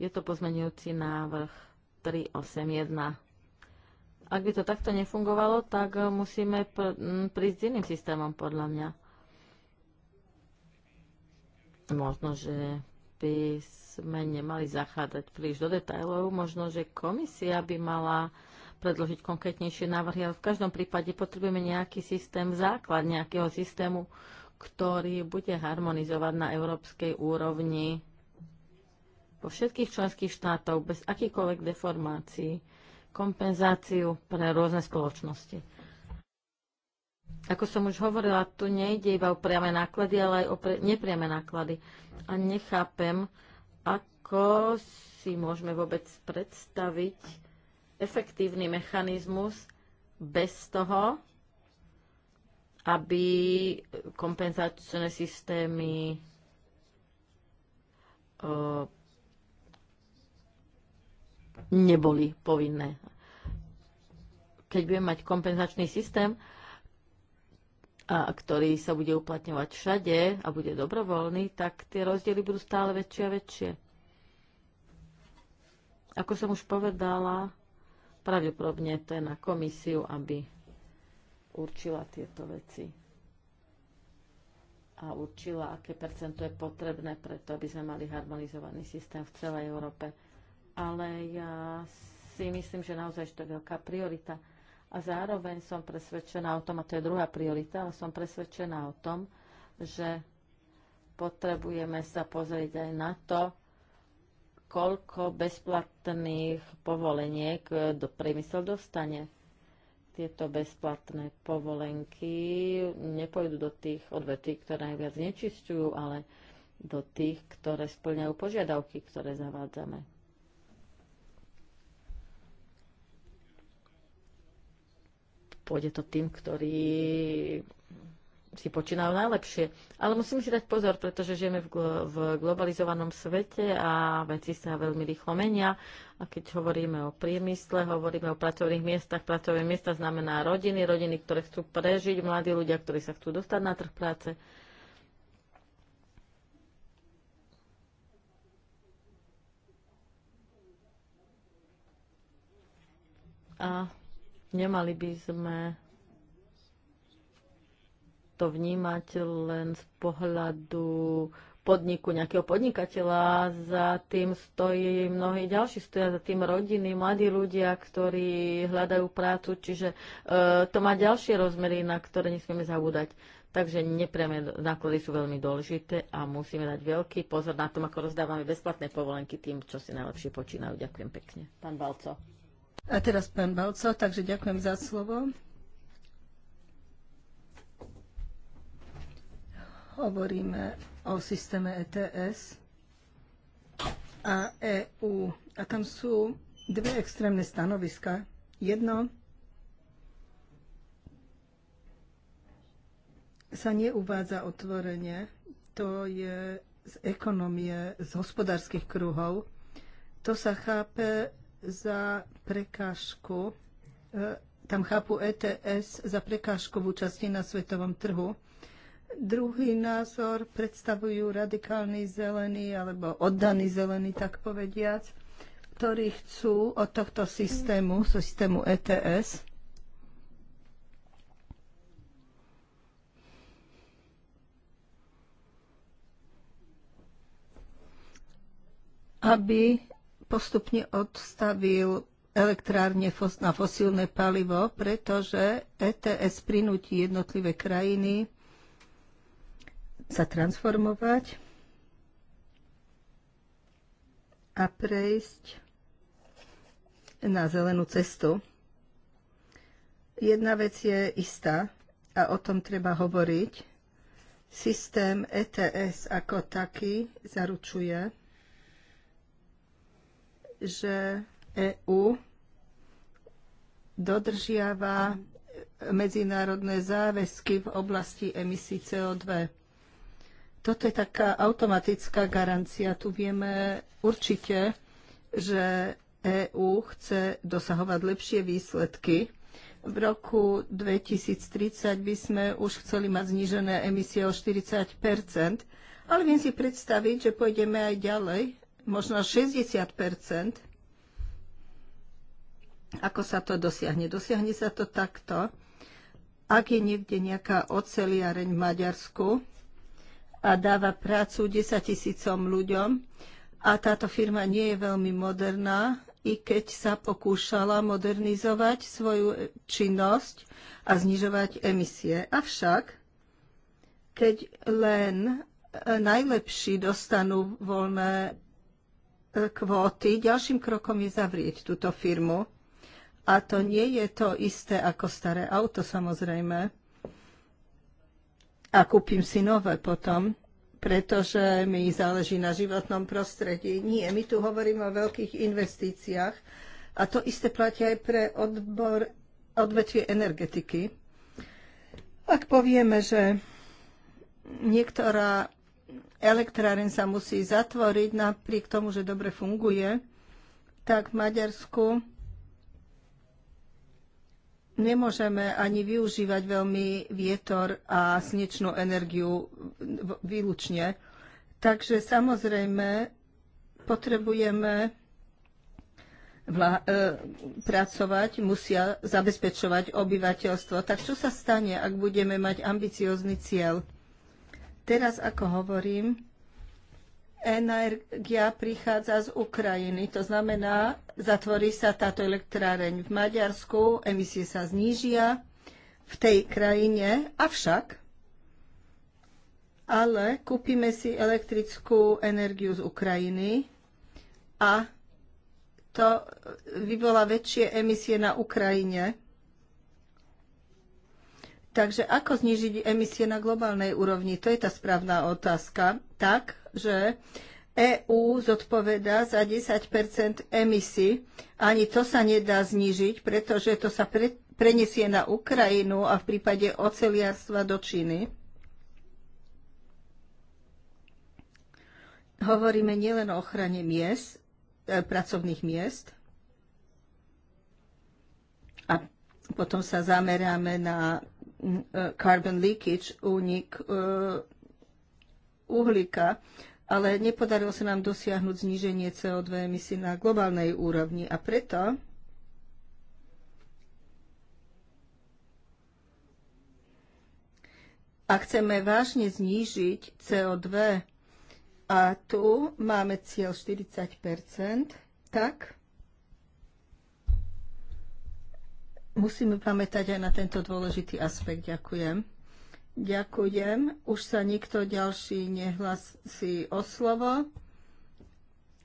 S2: Je to pozmenujúci návrh 381. Ak by to takto nefungovalo, tak eh, musíme pr- mm, prísť s iným systémom, podľa mňa. Možno, že by sme nemali zachádzať príliš do detajlov. Možno, že komisia by mala predložiť konkrétnejšie návrhy, ale v každom prípade potrebujeme nejaký systém, základ nejakého systému, ktorý bude harmonizovať na európskej úrovni vo všetkých členských štátov bez akýkoľvek deformácií kompenzáciu pre rôzne spoločnosti. Ako som už hovorila, tu nejde iba o priame náklady, ale aj o pre- nepriame náklady. A nechápem, ako si môžeme vôbec predstaviť efektívny mechanizmus bez toho, aby kompenzačné systémy e, neboli povinné. Keď budeme mať kompenzačný systém, a ktorý sa bude uplatňovať všade a bude dobrovoľný, tak tie rozdiely budú stále väčšie a väčšie. Ako som už povedala, pravdepodobne to je na komisiu, aby určila tieto veci a určila, aké percento je potrebné preto, aby sme mali harmonizovaný systém v celej Európe. Ale ja si myslím, že naozaj to je veľká priorita. A zároveň som presvedčená o tom, a to je druhá priorita, ale som presvedčená o tom, že potrebujeme sa pozrieť aj na to, koľko bezplatných povoleniek e, do priemysel dostane tieto bezplatné povolenky nepôjdu do tých odvetví, ktoré najviac nečistujú, ale do tých, ktoré splňajú požiadavky, ktoré zavádzame. Pôjde to tým, ktorí si počínajú najlepšie. Ale musím si dať pozor, pretože žijeme v, glo- v globalizovanom svete a veci sa veľmi rýchlo menia. A keď hovoríme o priemysle, hovoríme o pracovných miestach, pracovné miesta znamená rodiny, rodiny, ktoré chcú prežiť, mladí ľudia, ktorí sa chcú dostať na trh práce. A nemali by sme to vnímať len z pohľadu podniku nejakého podnikateľa. Za tým stojí mnohí ďalší, stoja za tým rodiny, mladí ľudia, ktorí hľadajú prácu, čiže e, to má ďalšie rozmery, na ktoré nesmieme zabúdať. Takže nepriame náklady sú veľmi dôležité a musíme dať veľký pozor na tom, ako rozdávame bezplatné povolenky tým, čo si najlepšie počínajú. Ďakujem pekne. Pán
S1: Balco. A teraz pán Balco, takže ďakujem za slovo. hovoríme o systéme ETS a EU. A tam sú dve extrémne stanoviska. Jedno sa neuvádza otvorenie, to je z ekonomie, z hospodárskych kruhov. To sa chápe za prekážku, e, tam chápu ETS za prekážku v účasti na svetovom trhu Druhý názor predstavujú radikálny zelený alebo oddaný zelený, tak povediac, ktorí chcú od tohto systému, systému ETS, aby postupne odstavil elektrárne na fosílne palivo, pretože ETS prinúti jednotlivé krajiny sa transformovať a prejsť na zelenú cestu. Jedna vec je istá a o tom treba hovoriť. Systém ETS ako taký zaručuje, že EÚ dodržiava medzinárodné záväzky v oblasti emisí CO2. Toto je taká automatická garancia. Tu vieme určite, že EÚ chce dosahovať lepšie výsledky. V roku 2030 by sme už chceli mať znížené emisie o 40 ale viem si predstaviť, že pôjdeme aj ďalej, možno 60 Ako sa to dosiahne? Dosiahne sa to takto. Ak je niekde nejaká oceliareň v Maďarsku, a dáva prácu 10 tisícom ľuďom. A táto firma nie je veľmi moderná, i keď sa pokúšala modernizovať svoju e, činnosť a znižovať emisie. Avšak, keď len e, najlepší dostanú voľné e, kvóty, ďalším krokom je zavrieť túto firmu. A to nie je to isté ako staré auto, samozrejme a kúpim si nové potom, pretože mi záleží na životnom prostredí. Nie, my tu hovoríme o veľkých investíciách a to isté platí aj pre odbor, odvetvie energetiky. Ak povieme, že niektorá elektráren sa musí zatvoriť napriek tomu, že dobre funguje, tak v Maďarsku nemôžeme ani využívať veľmi vietor a snečnú energiu výlučne. Takže samozrejme potrebujeme vla- e, pracovať, musia zabezpečovať obyvateľstvo. Tak čo sa stane, ak budeme mať ambiciózny cieľ? Teraz, ako hovorím, energia prichádza z Ukrajiny. To znamená, zatvorí sa táto elektráreň v Maďarsku, emisie sa znížia v tej krajine, avšak ale kúpime si elektrickú energiu z Ukrajiny a to vyvolá väčšie emisie na Ukrajine. Takže ako znižiť emisie na globálnej úrovni? To je tá správna otázka. Tak, že EÚ zodpoveda za 10 emisí. Ani to sa nedá znížiť, pretože to sa pre, preniesie na Ukrajinu a v prípade oceliarstva do Číny. Hovoríme nielen o ochrane miest, e, pracovných miest, a potom sa zameráme na carbon leakage, únik e, uhlíka, ale nepodarilo sa nám dosiahnuť zníženie CO2 emisí na globálnej úrovni a preto a chceme vážne znížiť CO2 a tu máme cieľ 40 tak musíme pamätať aj na tento dôležitý aspekt. Ďakujem. Ďakujem. Už sa nikto ďalší nehlasí o slovo.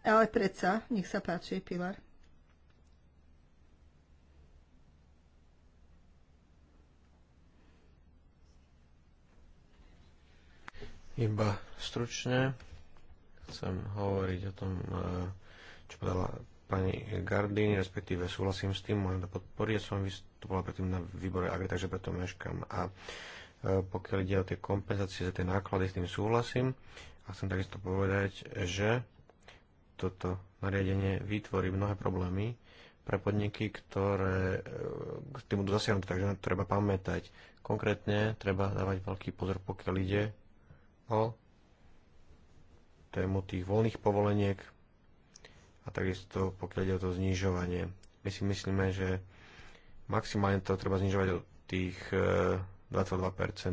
S1: Ale predsa, nech sa páči, Pilar.
S3: Iba stručne chcem hovoriť o tom, eh, čo povedala pani Gardini, respektíve súhlasím s tým, môžem to podporiť. Som vystupoval predtým na výbore Agri, takže preto meškám. A e, pokiaľ ide o tie kompenzácie za tie náklady, s tým súhlasím. A chcem takisto povedať, že toto nariadenie vytvorí mnohé problémy pre podniky, ktoré k e, tým budú zasiahnuté, takže na to treba pamätať. Konkrétne treba dávať veľký pozor, pokiaľ ide o tému tých voľných povoleniek a takisto pokiaľ ide o to znižovanie. My si myslíme, že maximálne to treba znižovať od tých 22%. E,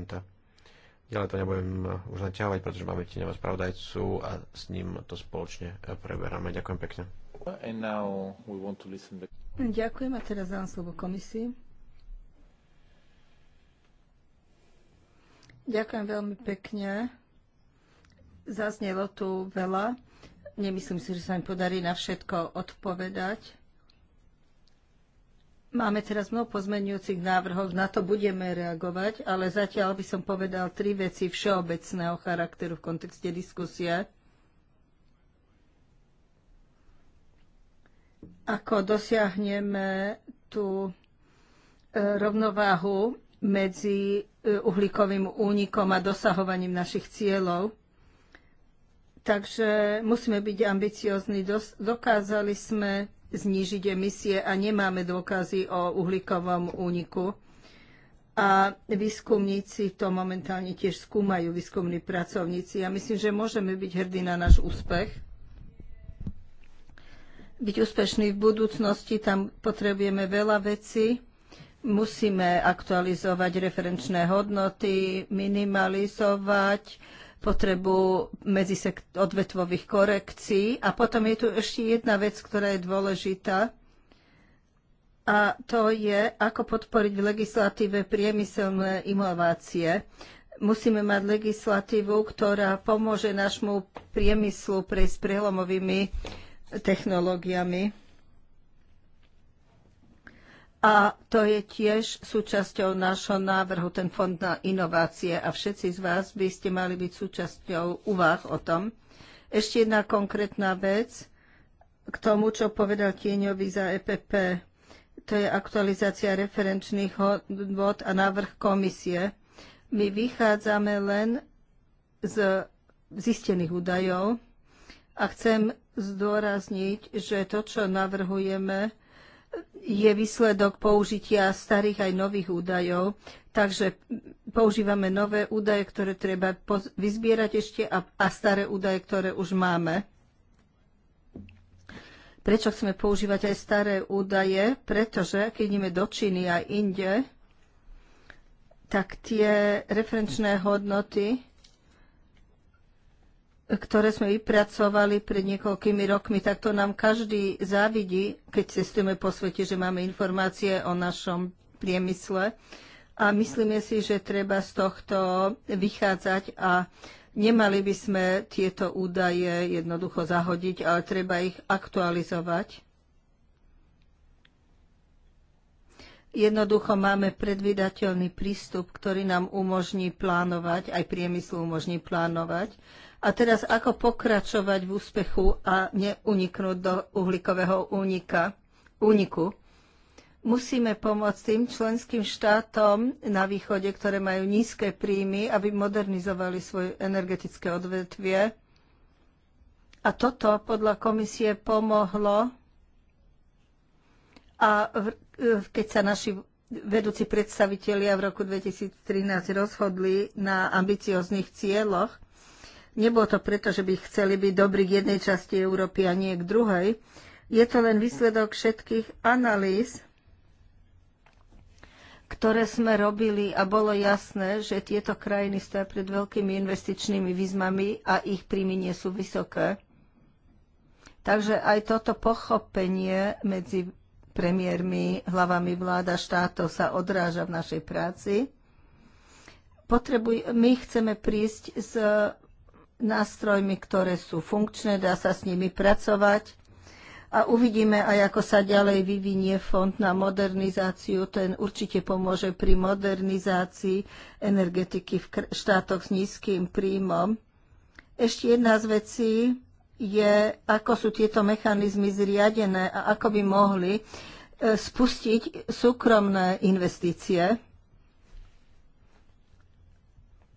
S3: Ďalej to nebudem e, už naťahovať, pretože máme tieňového spravodajcu a s ním to spoločne e, preberáme. Ďakujem pekne.
S1: Ďakujem a teraz dám slovo komisii. Ďakujem veľmi pekne. Zaznelo tu veľa Nemyslím si, že sa mi podarí na všetko odpovedať. Máme teraz mnoho pozmenujúcich návrhov, na to budeme reagovať, ale zatiaľ by som povedal tri veci všeobecného charakteru v kontexte diskusie. Ako dosiahneme tú e, rovnováhu medzi e, uhlíkovým únikom a dosahovaním našich cieľov. Takže musíme byť ambiciozní. Dokázali sme znížiť emisie a nemáme dôkazy o uhlíkovom úniku. A výskumníci to momentálne tiež skúmajú, výskumní pracovníci. A myslím, že môžeme byť hrdí na náš úspech. Byť úspešní v budúcnosti, tam potrebujeme veľa vecí. Musíme aktualizovať referenčné hodnoty, minimalizovať potrebu odvetvových korekcií. A potom je tu ešte jedna vec, ktorá je dôležitá. A to je, ako podporiť v legislatíve priemyselné inovácie. Musíme mať legislatívu, ktorá pomôže našmu priemyslu prejsť prelomovými technológiami. A to je tiež súčasťou nášho návrhu, ten fond na inovácie. A všetci z vás by ste mali byť súčasťou úvah o tom. Ešte jedna konkrétna vec k tomu, čo povedal Tieňový za EPP. To je aktualizácia referenčných hodnot a návrh komisie. My vychádzame len z zistených údajov a chcem zdôrazniť, že to, čo navrhujeme, je výsledok použitia starých aj nových údajov. Takže používame nové údaje, ktoré treba vyzbierať ešte a, a staré údaje, ktoré už máme. Prečo chceme používať aj staré údaje? Pretože keď ideme do Číny a inde, tak tie referenčné hodnoty ktoré sme vypracovali pred niekoľkými rokmi, tak to nám každý závidí, keď cestujeme po svete, že máme informácie o našom priemysle. A myslíme si, že treba z tohto vychádzať a nemali by sme tieto údaje jednoducho zahodiť, ale treba ich aktualizovať. Jednoducho máme predvydateľný prístup, ktorý nám umožní plánovať, aj priemyslu umožní plánovať a teraz ako pokračovať v úspechu a neuniknúť do uhlíkového únika, úniku? Musíme pomôcť tým členským štátom na východe, ktoré majú nízke príjmy, aby modernizovali svoje energetické odvetvie. A toto podľa komisie pomohlo a keď sa naši vedúci predstavitelia v roku 2013 rozhodli na ambicioznych cieľoch, Nebolo to preto, že by chceli byť dobrí k jednej časti Európy a nie k druhej. Je to len výsledok všetkých analýz, ktoré sme robili a bolo jasné, že tieto krajiny stojí pred veľkými investičnými výzvami a ich príjmy nie sú vysoké. Takže aj toto pochopenie medzi premiérmi, hlavami vláda štátov sa odráža v našej práci. Potrebuj, my chceme prísť s nástrojmi, ktoré sú funkčné, dá sa s nimi pracovať a uvidíme aj, ako sa ďalej vyvinie fond na modernizáciu. Ten určite pomôže pri modernizácii energetiky v štátoch s nízkym príjmom. Ešte jedna z vecí je, ako sú tieto mechanizmy zriadené a ako by mohli e, spustiť súkromné investície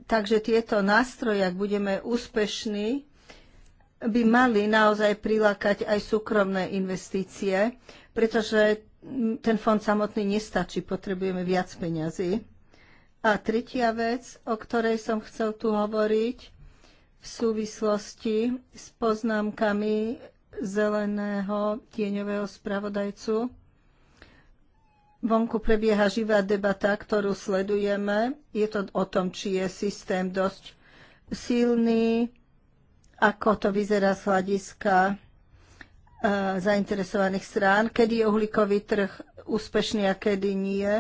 S1: Takže tieto nástroje, ak budeme úspešní, by mali naozaj prilákať aj súkromné investície, pretože ten fond samotný nestačí, potrebujeme viac peňazí. A tretia vec, o ktorej som chcel tu hovoriť v súvislosti s poznámkami zeleného tieňového spravodajcu, Vonku prebieha živá debata, ktorú sledujeme. Je to o tom, či je systém dosť silný, ako to vyzerá z hľadiska e, zainteresovaných strán, kedy je uhlíkový trh úspešný a kedy nie.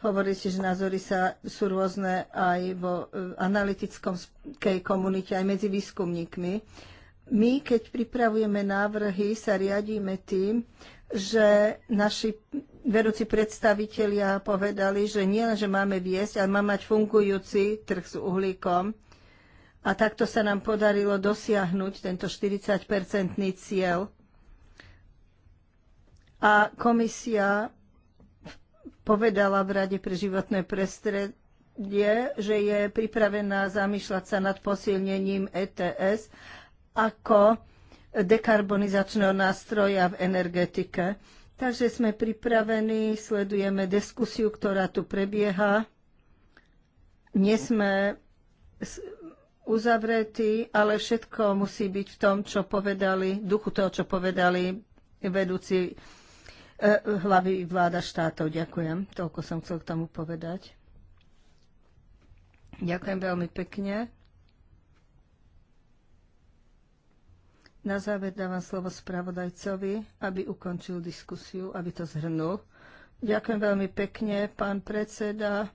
S1: Hovorí si, že názory sa, sú rôzne aj vo e, analytickom komunite, aj medzi výskumníkmi. My, keď pripravujeme návrhy, sa riadíme tým, že naši vedúci predstavitelia povedali, že nie len, že máme viesť, ale má mať fungujúci trh s uhlíkom. A takto sa nám podarilo dosiahnuť tento 40-percentný cieľ. A komisia povedala v Rade pre životné prostredie, že je pripravená zamýšľať sa nad posilnením ETS ako dekarbonizačného nástroja v energetike. Takže sme pripravení, sledujeme diskusiu, ktorá tu prebieha. Nie sme uzavretí, ale všetko musí byť v tom, čo povedali, duchu toho, čo povedali vedúci e, hlavy vláda štátov. Ďakujem. Toľko som chcel k tomu povedať. Ďakujem veľmi pekne. Na záver dávam slovo spravodajcovi, aby ukončil diskusiu, aby to zhrnul. Ďakujem veľmi pekne, pán predseda.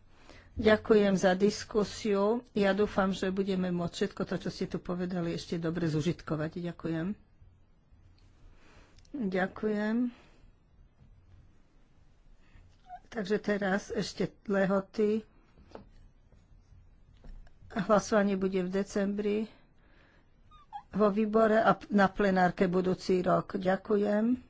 S1: Ďakujem za diskusiu. Ja dúfam, že budeme môcť všetko to, čo ste tu povedali, ešte dobre zužitkovať. Ďakujem. Ďakujem. Takže teraz ešte lehoty. Hlasovanie bude v decembri vo výbore a na plenárke budúci rok. Ďakujem.